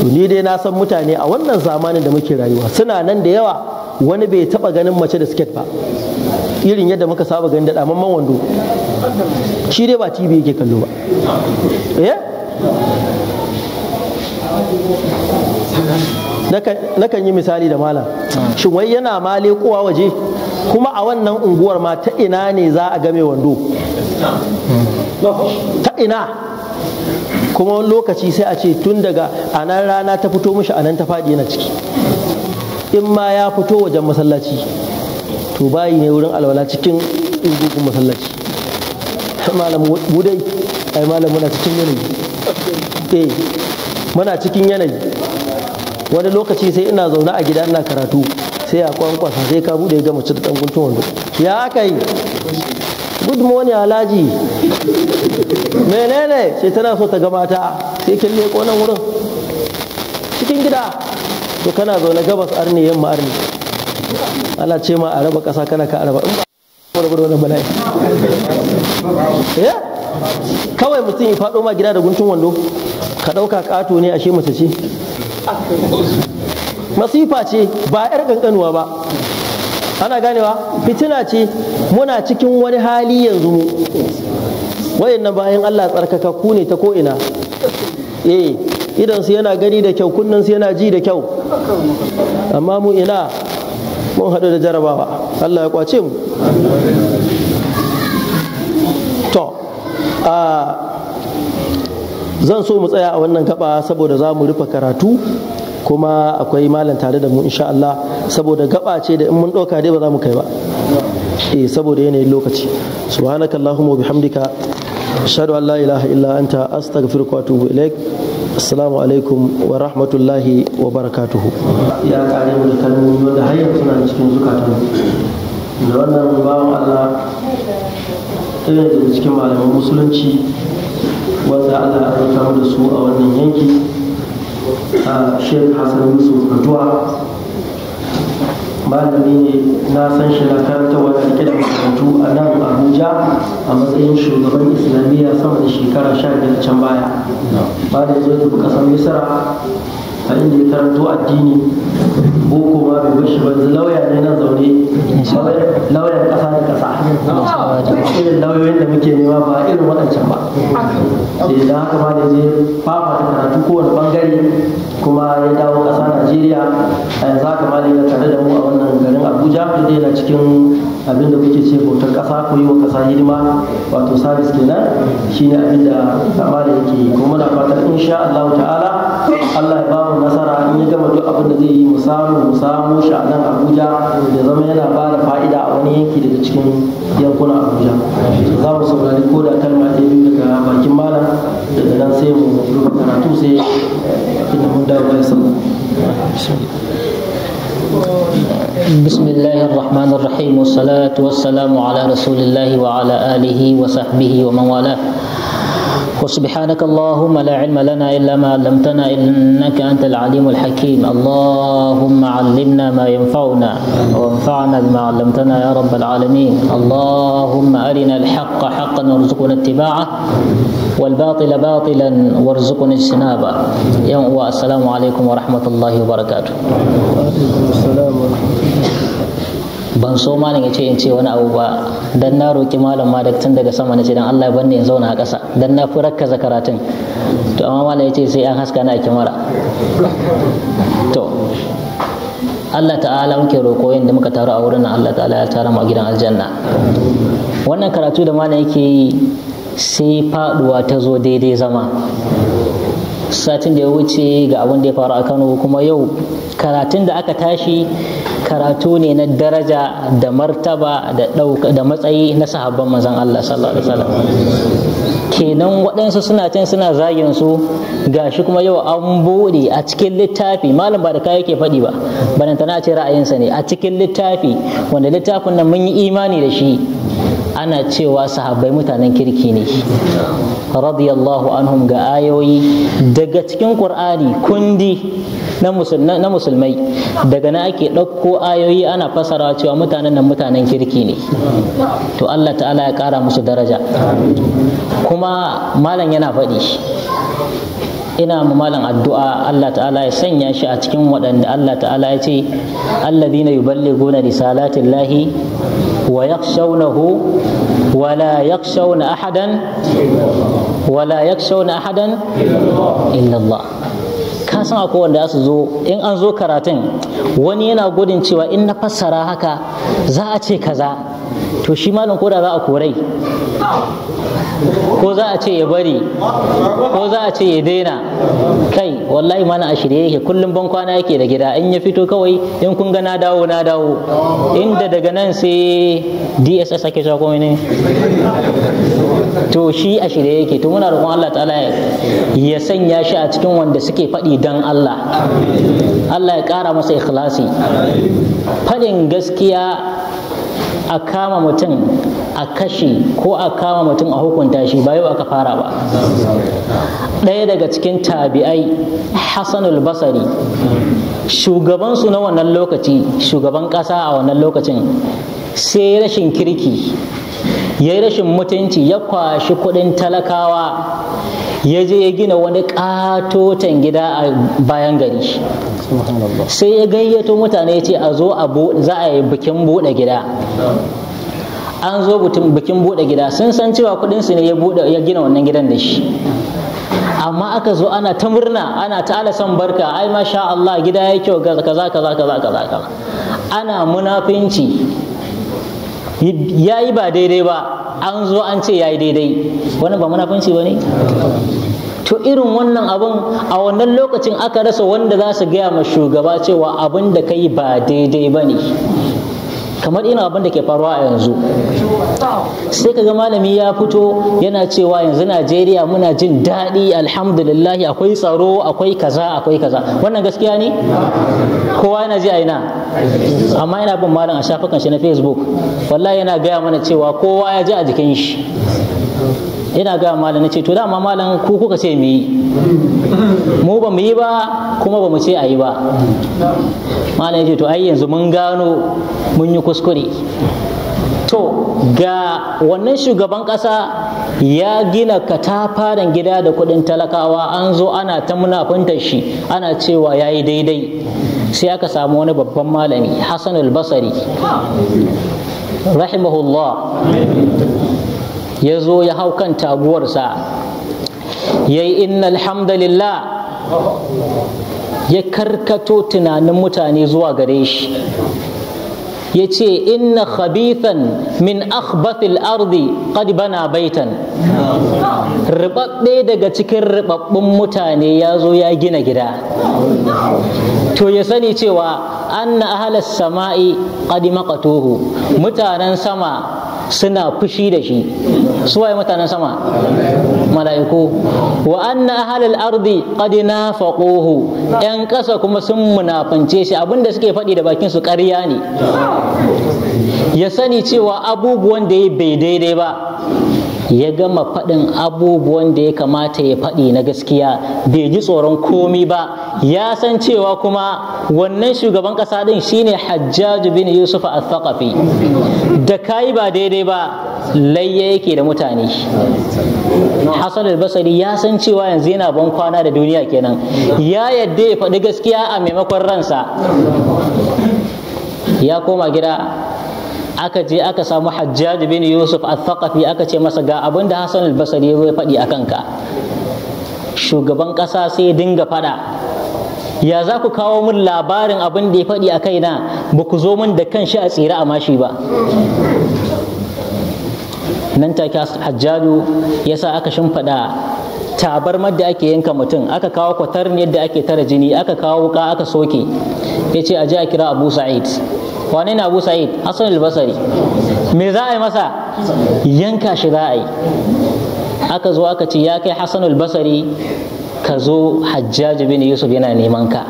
to ni dai na san mutane a wannan zamanin da muke rayuwa suna nan da yawa wani bai taba ganin mace da siket ba irin yadda muka saba ganin da damamman wando shi dai ba tv yake kallo ba eh nakan yi misali da malam shi wai yana male kowa waje kuma a wannan unguwar ma ta ina ne za a game wando ta ina kuma wani lokaci sai a ce tun daga anan rana ta fito mishi anan ta faɗi yana ciki in ma ya fito wajen masallaci to bayi ne wurin alwala cikin ingugun masallaci <laughs> malam mu ai malam muna cikin yanayi eh muna cikin yanayi wani lokaci sai ina zaune a gida ina karatu sai a kwankwasa sai ka bude ga mace da dan guntun wando ya aka yi good morning alhaji menene sai tana so ta gabata mata sai kin leko nan wurin cikin gida to kana zaune gabas arni yamma arni ana ce ma a raba kana ka araba in ba eh? mutum ya faɗo ma gida da guntun wando ka ɗauka ƙato ne ashe musu ce masifa ce ba 'yar ƙanƙanuwa ba ana ganewa fitina ce muna cikin wani hali yanzu na bayan Allah ku ne ta ko ina? eh idan su yana gani da kyau kunnen su yana ji da kyau amma mu ina mun haɗu da jarabawa Allah ya kwace mu to a zan so mu tsaya a wannan gaba saboda za mu rufe karatu kuma akwai malam tare da mu insha Allah saboda gaba ce da in mun ɗauka dai ba za mu kai ba eh saboda yanayin lokaci subhanakallahumma wa bihamdika ashhadu an la ilaha illa ta astaghfiruka wa atubu ilaik assalamu alaikum wa rahmatullahi wa barakatuhu ya kare mu da kalmomi wanda har yanzu suna cikin zukatan da wannan bawan Allah ta ɗaya daga cikin malaman musulunci wanda Allah ya rubuta da su a wannan yanki a shirin Hassan Yusuf Mutuwa malami ne na san shi na wa da rike da makarantu a nan abuja a matsayin shugaban islamiyya sama da shekara sha biyar can baya ba da zo tafi misira a inda ya karanto addini ko ma bai bashi ba lauya ne na zaune lauyan ƙasa da ƙasa irin lauyoyin da muke nema ba irin waɗancan ba da eh, da haka ma da je fafa da karatu kowane bangare kuma ya dawo ƙasa najeriya a yanzu haka ma da tare da mu a wannan garin abuja da yana cikin abinda kuke ce bautar kasa ko yi wa ƙasa hidima wato sabis kenan shine abinda amana yake yi kuma muna fatan insha Allah ta'ala Allah ya ba mu nasara in ya gama duk abin da zai yi mu samu mu samu shi a nan Abuja da zama yana ba da fa'ida a wani yanki daga cikin yankunan Abuja za mu saurari ko da kalma ɗaya biyu daga bakin malam daga nan sai mu rufe karatu sai eh, da mun dawo ya sallah بسم الله الرحمن الرحيم والصلاة والسلام على رسول الله وعلى آله وصحبه ومن والاه وسبحانك اللهم لا علم لنا إلا ما علمتنا إنك أنت العليم الحكيم اللهم علمنا ما ينفعنا وانفعنا بما علمتنا يا رب العالمين اللهم أرنا الحق حقا وارزقنا اتباعه والباطل باطلا وارزقنا اجتنابه يوم السلام عليكم ورحمة الله وبركاته السلام ورحمة الله ban so malam ya ce in ce wani abu ba dan na roki malam ma da tun daga sama na ce dan Allah ya banne in zauna a ƙasa dan na fi rakkaza karatun to amma malam ya ce sai an haska na a kyamara to Allah ta'ala muke roƙo yadda muka taru a wurin Allah ta'ala ya tara mu a gidan aljanna wannan karatu da malam yake yi sai faduwa ta zo daidai zama satin da ya wuce ga abin da ya faru a Kano kuma yau karatun da aka tashi karatu ne na daraja da martaba da matsayi na sahabban manzon Allah sallallahu alaihi wasallam kenan waɗansu suna can suna zagin su gashi kuma yau an buɗe a cikin littafi malam ba da kai yake faɗi ba banantana a ce ra'ayinsa ne a cikin littafi wanda littafin nan mun yi imani da shi ana cewa sahabbai mutanen kirki ne radiyallahu anhum ga ayoyi daga cikin qur'ani kundi na musulmai daga na ake ɗauko ayoyi ana fasara cewa mutanen nan mutanen kirki ne to Allah ta'ala ya ƙara musu daraja kuma malam yana faɗi ina ma malam addu'a Allah ta'ala ya sanya shi a cikin waɗanda Allah ta'ala ya ce alladhina yuballighuna risalatillahi wa yakhshawnahu wa la yakhshawna ahadan wa la yakhshawna ahadan illa Allah ka san ko wanda su zo in an zo karatun wani yana gudun cewa in na fassara haka za a ce kaza to shi malam koda za a korai ko za a ce ya bari ko za a ce ya daina kai wallahi mana a shirye yake kullum ban kwana yake da gida in ya fito kawai in kun ga na dawo na dawo inda daga nan sai dss ake sha to shi a shirye yake to muna roƙon Allah ta'ala ya sanya shi a cikin wanda suke faɗi dan Allah Allah ya kara masa ikhlasi faɗin gaskiya a kama mutum a kashe ko a kama mutum a hukunta shi ba aka fara ba ɗaya daga cikin tabi'ai hassanul basari shugabansu na wannan lokaci shugaban ƙasa a wannan lokacin sai rashin kirki ya yi rashin mutunci ya kwashi kuɗin talakawa ya je ya gina wani katotan gida a bayan gari sai ya gayyato mutane ya ce a zo za a yi bikin buɗe gida an zo bikin buɗe gida sun san cewa kuɗinsu ne ya gina wannan gidan da shi amma aka zo ana ta murna ana ta alasan barka ai masha Allah gida ya kyau kaza kaza kaza kaza kaza ana munafinci ya yi ba daidai ba an zo an ce ya yi daidai wannan ba munafunci ba ne to irin wannan abun a wannan lokacin aka rasa wanda za su gaya ma shugaba cewa abin da ka yi ba daidai ba ne kamar ina abin da ke faruwa a yanzu sai kaga malami ya fito yana cewa yanzu najeriya muna jin daɗi alhamdulillahi akwai tsaro akwai kaza akwai kaza wannan gaskiya ne kowa yana ji aina amma yana bin malam a shafukan shi na facebook wallahi yana gaya mana cewa kowa ya ji a jikin shi ina ga malam nace to dama malam ku kuka ce mu yi mu ba mu yi ba kuma ba mu ce a yi ba malam yace to ai yanzu mun gano mun yi kuskure to ga wannan shugaban ƙasa ya gina katafaren gida da kuɗin talakawa an zo ana ta munafuntar shi ana cewa ya yi daidai sai aka samu wani babban malami hassan albasari rahimahullah ya zo ya hau kan taguwarsa ya yi innal ya karkato tunanin mutane zuwa gare shi ya ce inna khabithan min akhbathil ardi qad bana baitan ribabbe daga cikin ribabbun mutane ya zo ya gina gida to ya sani cewa anna ahlas sama'i qad maqatuhu mutanen sama suna fushi da shi suwaye mutanen sama mala'iku wa anna ahlal ardi qad nafaquhu yan kasa kuma sun munafance shi abinda suke faɗi da bakin su ƙarya ne ya sani cewa abubuwan da ya bai daidai ba ya gama faɗin abubuwan da ya kamata ya faɗi na gaskiya bai ji tsoron komi ba ya san cewa kuma wannan shugaban ƙasa ɗin shine hajjaju bin yusuf al-thaqafi da kayi ba daidai ba layya yake da mutane hassan al-basari ya san cewa yanzu yana ban kwana da duniya kenan ya yadda ya faɗi gaskiya a maimakon ransa ya koma gida aka je aka samu hajjaj bin yusuf al-thaqafi aka ce masa ga abin da hassan al-basri ya faɗi a kanka shugaban ƙasa sai dinga faɗa ya za ku kawo min labarin abin da ya faɗi a kaina ba ku zo mun da kan shi a tsira a mashi ba nan take hajjaju ya sa aka shimfaɗa tabarmar da ake yanka mutum aka kawo kwatar yadda ake tara jini aka kawo wuka aka soke ya ce a ji a kira abu sa'id wane ne abu sa'id hasan albasari me za a yi masa yanka shi za a yi aka zo aka ce ya kai hasan albasari ka zo hajjaji bin yusuf yana neman ka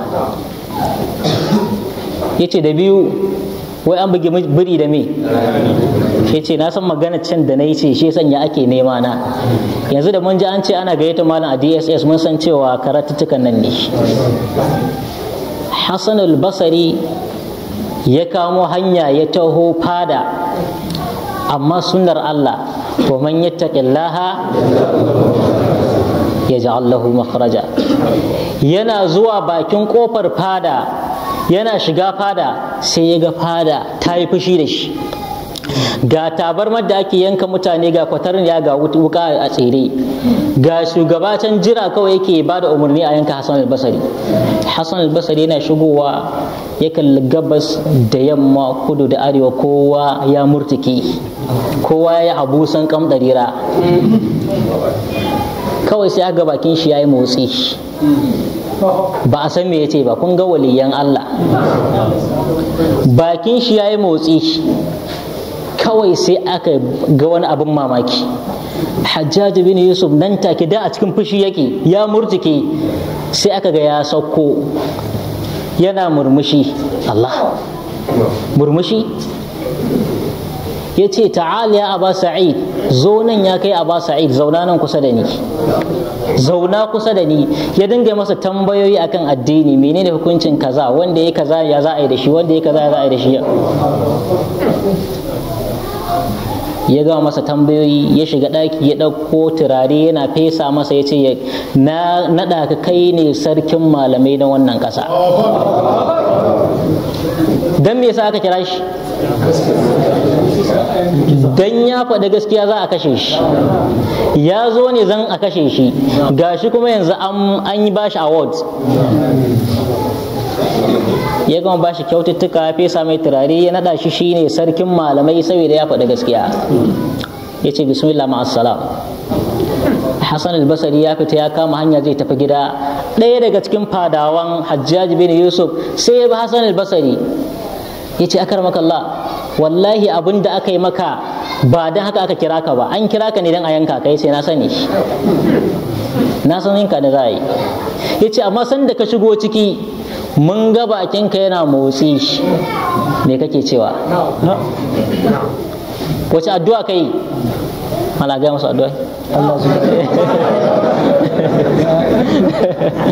ya ce da biyu wai an bugi biri da me ya ce na san magana can da na yi ce shi sanya ake nema na yanzu da mun ji an ce ana gayyata malam a dss mun san cewa karatuttukan nan ne hassan albasari basari ya kamo hanya ya taho fada amma sunar Allah wa man yattaqillaha yaj'al lahu makhraja yana zuwa bakin ƙofar fada yana shiga fada sai ya ga fada ta yi fushi da shi ga tabarmar da ake yanka mutane ga kwatarin ya ga wuka a tsere ga shugaba jira kawai yake ba da umarni a yanka hassan albasari hassan albasari yana shigowa ya kalli gabas da yamma kudu da arewa kowa ya murtuke kowa ya abusan kamdarira kawai sai aka bakin shi ya yi motsi ba a san me ya ce ba kun ga waliyan Allah bakin shi ya yi motsi kawai sai aka ga wani abin mamaki hajjaj bin yusuf nan take da a cikin fushi yake ya murtike sai aka ga ya sauko yana murmushi Allah murmushi ya ce ta'al ya aba sa'id zo nan ya kai aba sa'id zauna nan kusa da ni zauna kusa da ni ya dinga masa tambayoyi akan addini menene hukuncin kaza wanda ya kaza ya za a yi da shi wanda ya kaza ya za a yi da shi ya gama masa tambayoyi ya shiga ɗaki ya ɗauko turare yana fesa masa ya ce na naɗa ka kai ne sarkin malamai na wannan ƙasa don me sa aka kira shi don ya faɗi gaskiya za a kashe shi ya zo ne zan a kashe shi gashi kuma yanzu an yi bashi award ya gama ba shi kyaututtuka ya fesa mai turare ya naɗa shi shine sarkin malamai saboda ya faɗi gaskiya ya ce bismillah ma'asala hassan albasari ya fita ya kama hanya zai tafi gida ɗaya daga cikin fadawan hajjaji bin yusuf sai ya bi hassan albasari ya ce akar makalla wallahi abin da aka yi maka ba don haka aka kira ka ba an kira ka ne don a yanka kai sai na sani na san yanka ne za a yi ya ce amma san da ka shigo ciki mun ga bakinka yana motsi me kake cewa wace addu'a ka yi ana gaya musu addu'a Allah su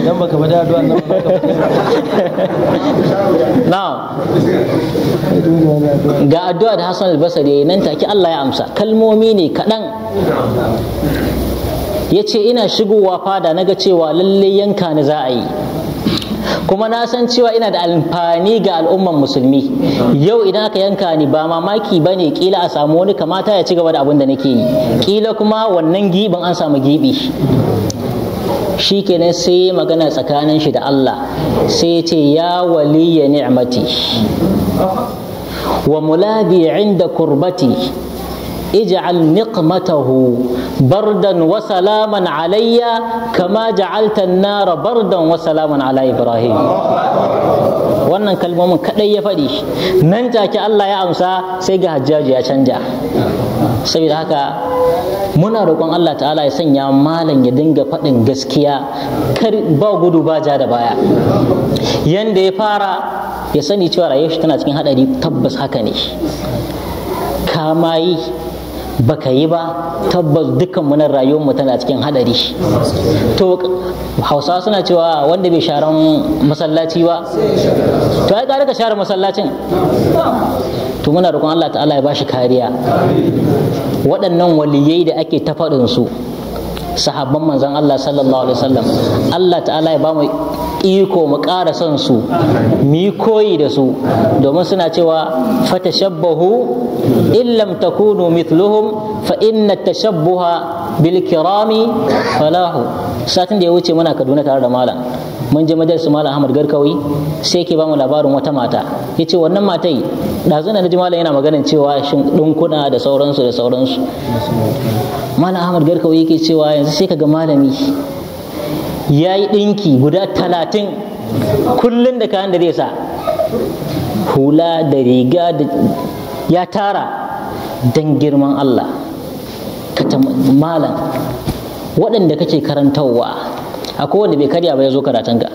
dan baka bada addu'a nan now ga addu'a da Hassan al-Basri nan take Allah ya amsa kalmomi ne kaɗan ya ce ina shigowa fada naga cewa lalle yanka ni za a yi kuma na san cewa ina da alfani ga al'umman musulmi yau idan aka yanka ni ba mamaki ba ne kila a samu wani kamata ya ci gaba da abin da nake yi kila kuma wannan gibin an samu gibi shi kenan sai magana tsakanin shi da Allah sai ya ce ya waliya ni'mati wa mulabi inda kurbati ij'al niqmatahu bardan wa salaman alayya kama ja'alta an-nara bardan wa salaman ala ibrahim wannan kalmomin kadai ya faɗi nan take Allah ya amsa sai ga hajjaji ya canja saboda haka muna roƙon Allah ta'ala ya sanya malam ya dinga faɗin gaskiya kar ba gudu ba ja da baya yanda ya fara ya sani cewa rayuwar shi tana cikin haɗari tabbas haka ne kamayi baka yi ba tabbas dukkan mu rayuwar mu tana cikin hadari to hausawa suna cewa wanda bai sharan masallaci ba to ai ka share masallacin to muna roƙon Allah ta'ala ya bashi kariya waɗannan waliyai da ake ta faɗin su sahabban manzon Allah sallallahu alaihi wasallam Allah ta'ala ya ba mu iko mu ƙara son su mu yi koyi da su domin suna cewa fatashabbahu illam takunu mithluhum fa inna tashabbuha bil kirami falahu satin da ya wuce muna Kaduna tare da malam mun je majalisar malam Ahmad Garkawi sai ke bamu labarin wata mata yace wannan matai dazu na ji malam yana maganin cewa shin dinkuna da sauransu da sauransu malam Ahmad Garkawi yake cewa yanzu sai ka ga malami ya yi ɗinki guda talatin kullum da kayan da zai sa hula da riga da ya tara don girman Allah malam waɗanda kake karantarwa akwai wanda bai karya ba ya zo karatunka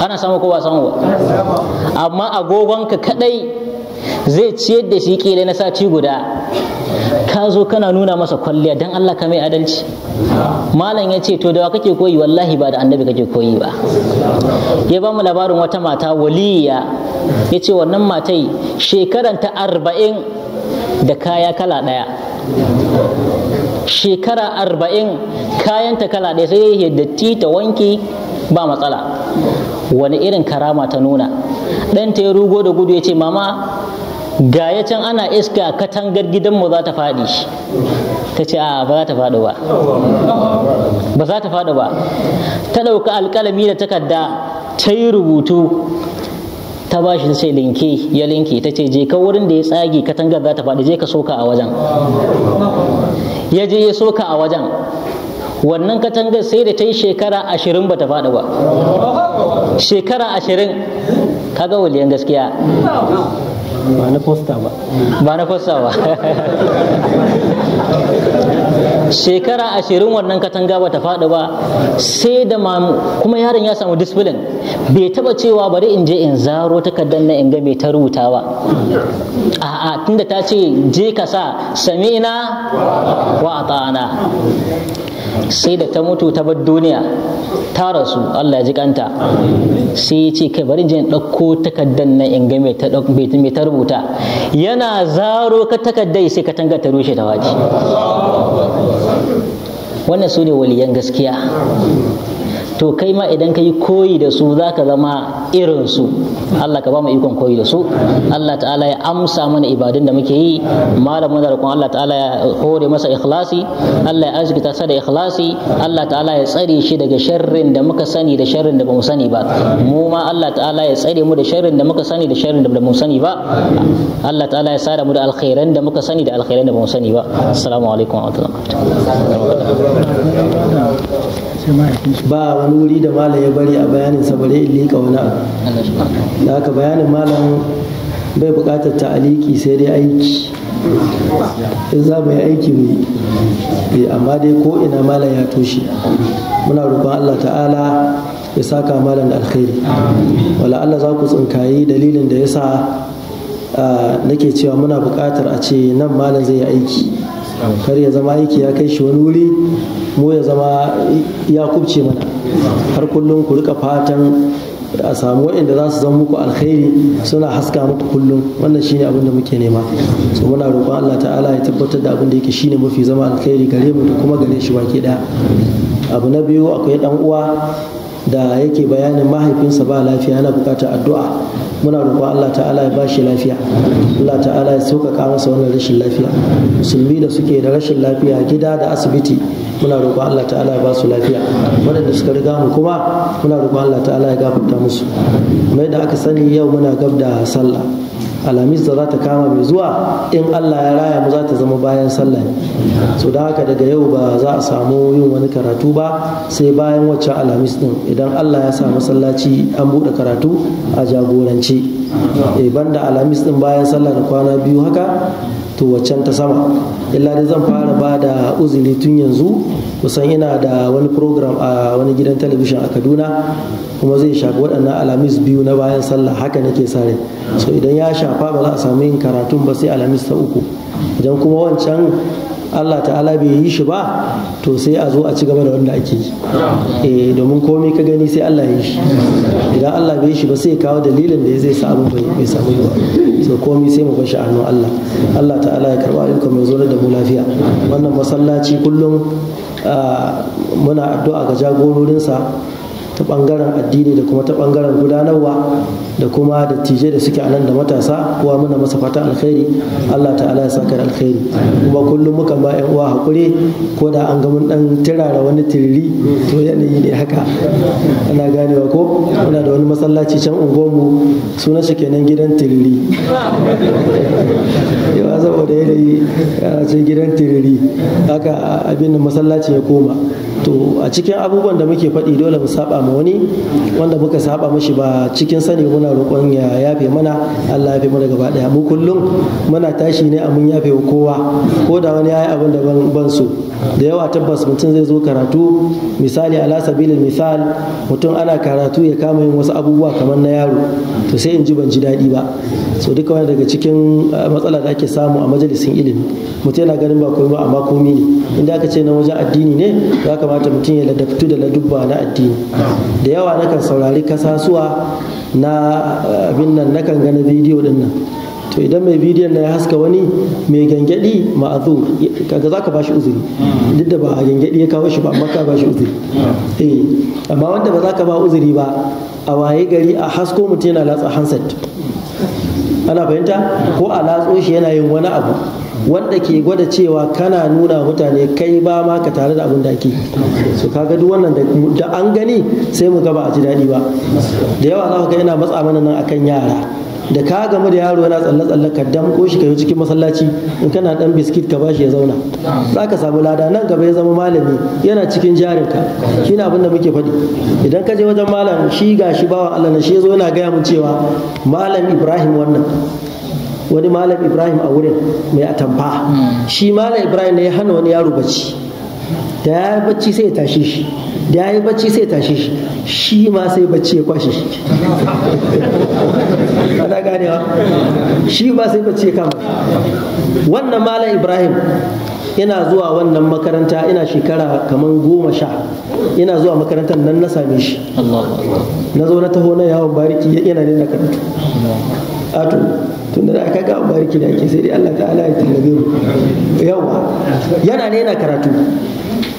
ana samu ko ba samu ba amma agogonka kaɗai. zai ciyar da shi kila na sati guda ka zo kana nuna masa kwalliya dan Allah ka mai adalci malam ya ce to da kake koyi wallahi ba da annabi kake koyi ba ya ba mu labarin wata mata waliya ya ce wannan matai shekaran ta arba'in da kaya kala ɗaya shekara arba'in kayanta kala ɗaya sai ya datti ta wanki ba matsala wani irin karama ta nuna ɗanta ya rugo da gudu ya ce mama ga ya can ana iska katangar gidanmu za ta faɗi ta ce a ba za ta faɗi ba ba za ta faɗi ba ta ɗauka alƙalami da takarda ta yi rubutu ta ba shi sai linke ya linke ta ce je ka wurin da ya tsage katangar za ta faɗi je ka soka a wajen ya je ya soka a wajen wannan katangar sai da ta yi shekara ashirin ba ta faɗi ba shekara ashirin kaga waliyan gaskiya ba na ba <laughs> shekara ashirin wannan katanga bata faɗi ba sai da mamu kuma yaron ya samu disbilin bai taba cewa bari in je in zaro takardar na in ga mai ta rubuta ba a'a tunda ta ce je ka sa sami'na wa ata'ana sai da ta mutu ta bar duniya ta rasu Allah ya ji kanta sai ya ce kai bari jin ɗauko takardar nan in ga mai ta rubuta yana zaro ka takardar sai ka tanga ta rushe ta waje wannan su ne waliyan gaskiya to kai ma idan ka yi koyi da su za ka zama irin su Allah ka ba mu ikon koyi da su Allah ta'ala ya amsa mana ibadun da muke yi malamin da roƙon Allah ta'ala ya hore masa ikhlasi Allah ya azgita sa da ikhlasi Allah ta'ala ya tsare shi daga sharrin da muka sani da sharrin da ba mu sani ba mu ma Allah ta'ala ya tsare mu da sharrin da muka sani da sharrin da ba mu sani ba Allah ta'ala ya sada mu da alkhairan da muka sani da alkhairan da ba mu sani ba assalamu alaikum wa rahmatullahi ba wani wuri da malam ya bari a bayanin sa bare in liƙa wani abu da haka bayanin malam bai buƙatar ta'aliki sai dai aiki in za mu yi aiki mu yi eh, amma dai ko ina malam ya toshe muna roƙon Allah ta'ala ya saka malam da alkhairi wala Allah za ku tsinkayi dalilin da ya sa ah, nake cewa muna buƙatar a ce nan malam zai yi aiki kar ya zama aiki ya kai shi wani wuri mu ya zama ya kubce mana har kullum ku rika fatan a samu waɗanda za su zama muku alkhairi suna haska muku kullum wannan shine abin da muke nema so muna roƙon Allah ta'ala ya tabbatar da abin da yake shine mafi zama alkhairi gare mu da kuma gare shi baki daya abu na biyu akwai dan uwa da yake bayanin mahaifinsa ba lafiya yana buƙatar addu'a muna roƙon Allah ta'ala ya bashi lafiya Allah ta'ala ya sauƙaƙa masa wannan rashin lafiya musulmi da suke da rashin lafiya gida da asibiti muna roƙon Allah ta'ala ya basu lafiya waɗanda suka riga mu kuma muna roƙon Allah ta'ala ya gafarta musu mai da aka sani yau muna gab da sallah alhamis da za ta kama mai zuwa in allah ya raya mu za ta zama bayan sallah so da haka daga yau ba za a samu yin wani karatu ba sai bayan wacce alhamis din idan allah ya samu sallaci an buɗe karatu a jagoranci eh, banda alhamis din bayan sallah da kwana biyu haka to waccan ta sama illa dai zan fara ba da uzuri tun yanzu kusan ina da wani program a wani gidan talabijin a kaduna kuma zai shafi waɗannan alamis biyu na bayan sallah haka nake sare so idan ya shafa ba za a samu yin karatun ba sai alamis ta uku idan kuma wancan Allah ta'ala bai yi shi ba to sai a zo a ci gaba da wanda ake yi e domin komai ka gani sai Allah ya yi shi idan Allah bai yi shi ba sai kawo dalilin da zai sa abin bai samu ba so komai sai mu ba shi a Allah Allah ta'ala ya karba ayyukan mai zo da mu lafiya wannan masallaci kullum muna addu'a ga jagororinsa ta bangaren addini da kuma ta bangaren gudanarwa da kuma dattijai da suke nan da matasa kuwa muna masa fata alkhairi Allah ta'ala ya saka alkhairi kuma kullum muka ba yan uwa hakuri ko da an ga mun dan tirara wani tiriri to yanayi ne haka ana ganewa ko muna da wani masallaci can unguwarmu sunan shi kenan gidan tiriri yawa saboda yanayi ce gidan tiriri haka abin masallaci ya koma to a cikin abubuwan da muke faɗi dole mu saba ma wani wanda muka saba mashi ba cikin sani muna roƙon ya yafe mana Allah ya yafe mana gaba ɗaya mu kullum muna tashi ne a mun yafe wa kowa ko da wani yayi abin da ban so da yawa tabbas mutum zai zo karatu misali ala sabilil misal mutum ana karatu ya kama yin wasu abubuwa kamar na yaro to sai in ji ban ji daɗi ba so duka wani daga cikin eh, matsala da ake samu a majalisin ilimi mutum yana ganin ba komai ba amma komai ne inda aka ce na wajen addini ne ya kamata kamata mutum ya ladabtu da ladubba na addini da yawa nakan saurari kasasuwa na eh, abin nan nakan gana bidiyo din nan to idan mai bidiyon na ya haska wani mai gangadi ma'azu kaga za ka ba shi uzuri duk da ba a gangadi ya kawo shi ba amma ka ba shi uzuri eh amma wanda ba za ka ba uzuri ba a waye gari a hasko mutum yana latsa handset ana fahimta ko a latso shi yana yin wani abu wanda ke gwada cewa kana nuna mutane kai ba ma ka tare da abin da ake so kaga duk wannan da an gani sai mu gaba a ji daɗi ba da yawa za ka ga yana matsa mana nan akan yara da ka gamu da yaro yana tsalle tsalle ka damƙo shi ka yi cikin masallaci in kana dan biskit ka bashi ya zauna za ka samu lada nan gaba ya zama malami yana cikin jarinka na abin da muke faɗi idan ka je wajen malam shi ga shi bawa Allah na shi ya zo yana gaya mun cewa malam Ibrahim wannan wani malam ibrahim a wurin mai atamfa shi malam ibrahim ne ya hana wani yaro bacci da ya yi bacci sai ya tashe shi da ya yi bacci sai ya tashe shi shi ma sai bacci ya kwashe shi <laughs> ana ganewa shi ma sai bacci ya kama wannan malam ibrahim yana zuwa wannan makaranta ina shekara kamar goma sha ina zuwa makarantar nan na same shi na zo na taho na yawon bariki yana ne na karatu tunda da aka ga amfani da ke sai dai Allah ta'ala ya tallabe mu yawa yana ne yana karatu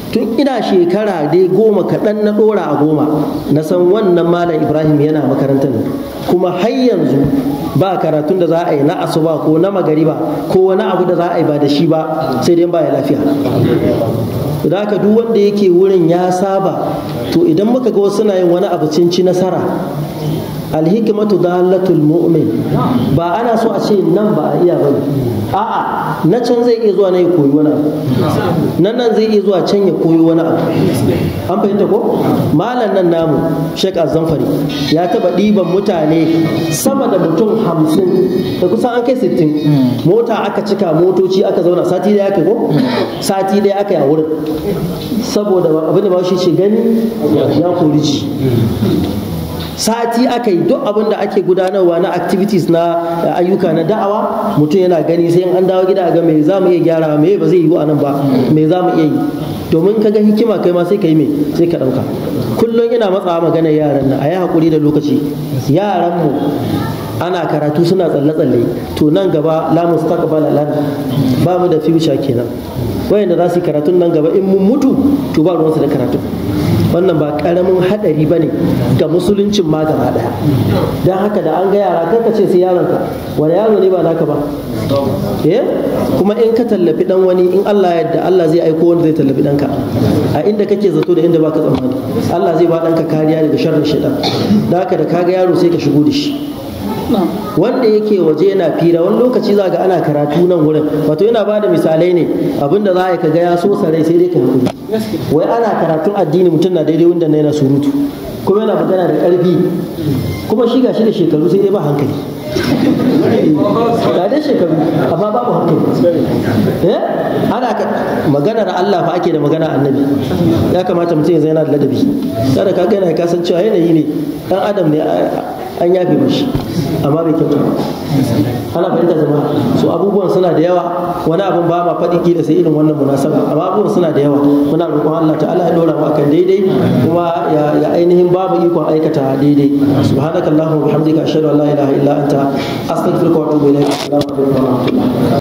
tun ina shekara dai goma kaɗan na ɗora a goma na san wannan malam ibrahim yana makarantar kuma har yanzu ba karatun da za a yi na asuba ko na magariba ko wani abu da za a yi ba da shi ba sai dai ba ya lafiya da aka duk wanda yake wurin ya saba to idan muka ga wasu na yin wani abu cinci nasara alhikimatu dalatul mu'min ba ana so a ce nan ba a iya ba a'a na can zai iya zuwa na ya koyi wani abu nan nan zai iya zuwa can ya koyi wani abu an fahimta ko malam nan namu shek azamfari ya taba ɗiban mutane sama da mutum hamsin da kusan an kai sittin mota aka cika motoci aka zauna sati daya aka ko sati daya aka yi a wurin saboda abin da ba shi ce gani ya kori shi. sati aka yi duk abin da ake gudanarwa na activities na eh, ayyuka na da'awa mutum yana gani sai an dawo gida ga me za mu iya gyara me ba zai yi a nan ba me za mu iya yi domin ka ga hikima kai ma sai ka yi me sai ka ɗauka kullum ina matsawa maganar yaran nan a yi haƙuri da lokaci yaran mu ana karatu suna tsalle-tsalle to nan gaba la mustaqbal lan ba mu da future kenan wayanda za su yi karatun nan gaba in mun mutu to ba ruwansu da karatun wannan ba karamin hadari ba ne ga musuluncin ma gaba daya don haka da an ga yara ka ce sai yaronka wani yaro ne ba naka ba eh? kuma in ka tallafi dan wani in Allah ya yadda Allah zai aiko wanda zai tallafi ka a inda kake zato da inda baka tsammani Allah zai ba danka kariya daga sharrin shaitan Don haka da ka ga yaro sai ka shigo da shi wanda yake waje yana fira wani lokaci za ga ana karatu nan wurin wato yana ba da misalai ne abinda za a ga ya so sarai sai dai ka hakuri wai ana karatun addini mutum na daidai wanda na yana surutu kuma yana magana da ƙarfi kuma shi gashi da shekaru sai dai ba hankali ga dai shekaru amma babu hankali eh ana maganar Allah fa ake da magana annabi ya kamata mutum ya zaina da ladabi kada ka ga yana kasancewa yanayi ne dan adam ne an yafe mishi amma bai kyauta ana fahimta zama so abubuwan suna da yawa wani abin ba ma faɗi kila sai irin wannan munasaba amma abubuwan suna da yawa muna roƙon Allah ta'ala ya dora mu akan daidai kuma ya ainihin babu ikon aikata daidai subhanakallahumma wa bihamdika ashhadu an la ilaha illa anta astaghfiruka wa atubu ilaik assalamu alaikum wa rahmatullahi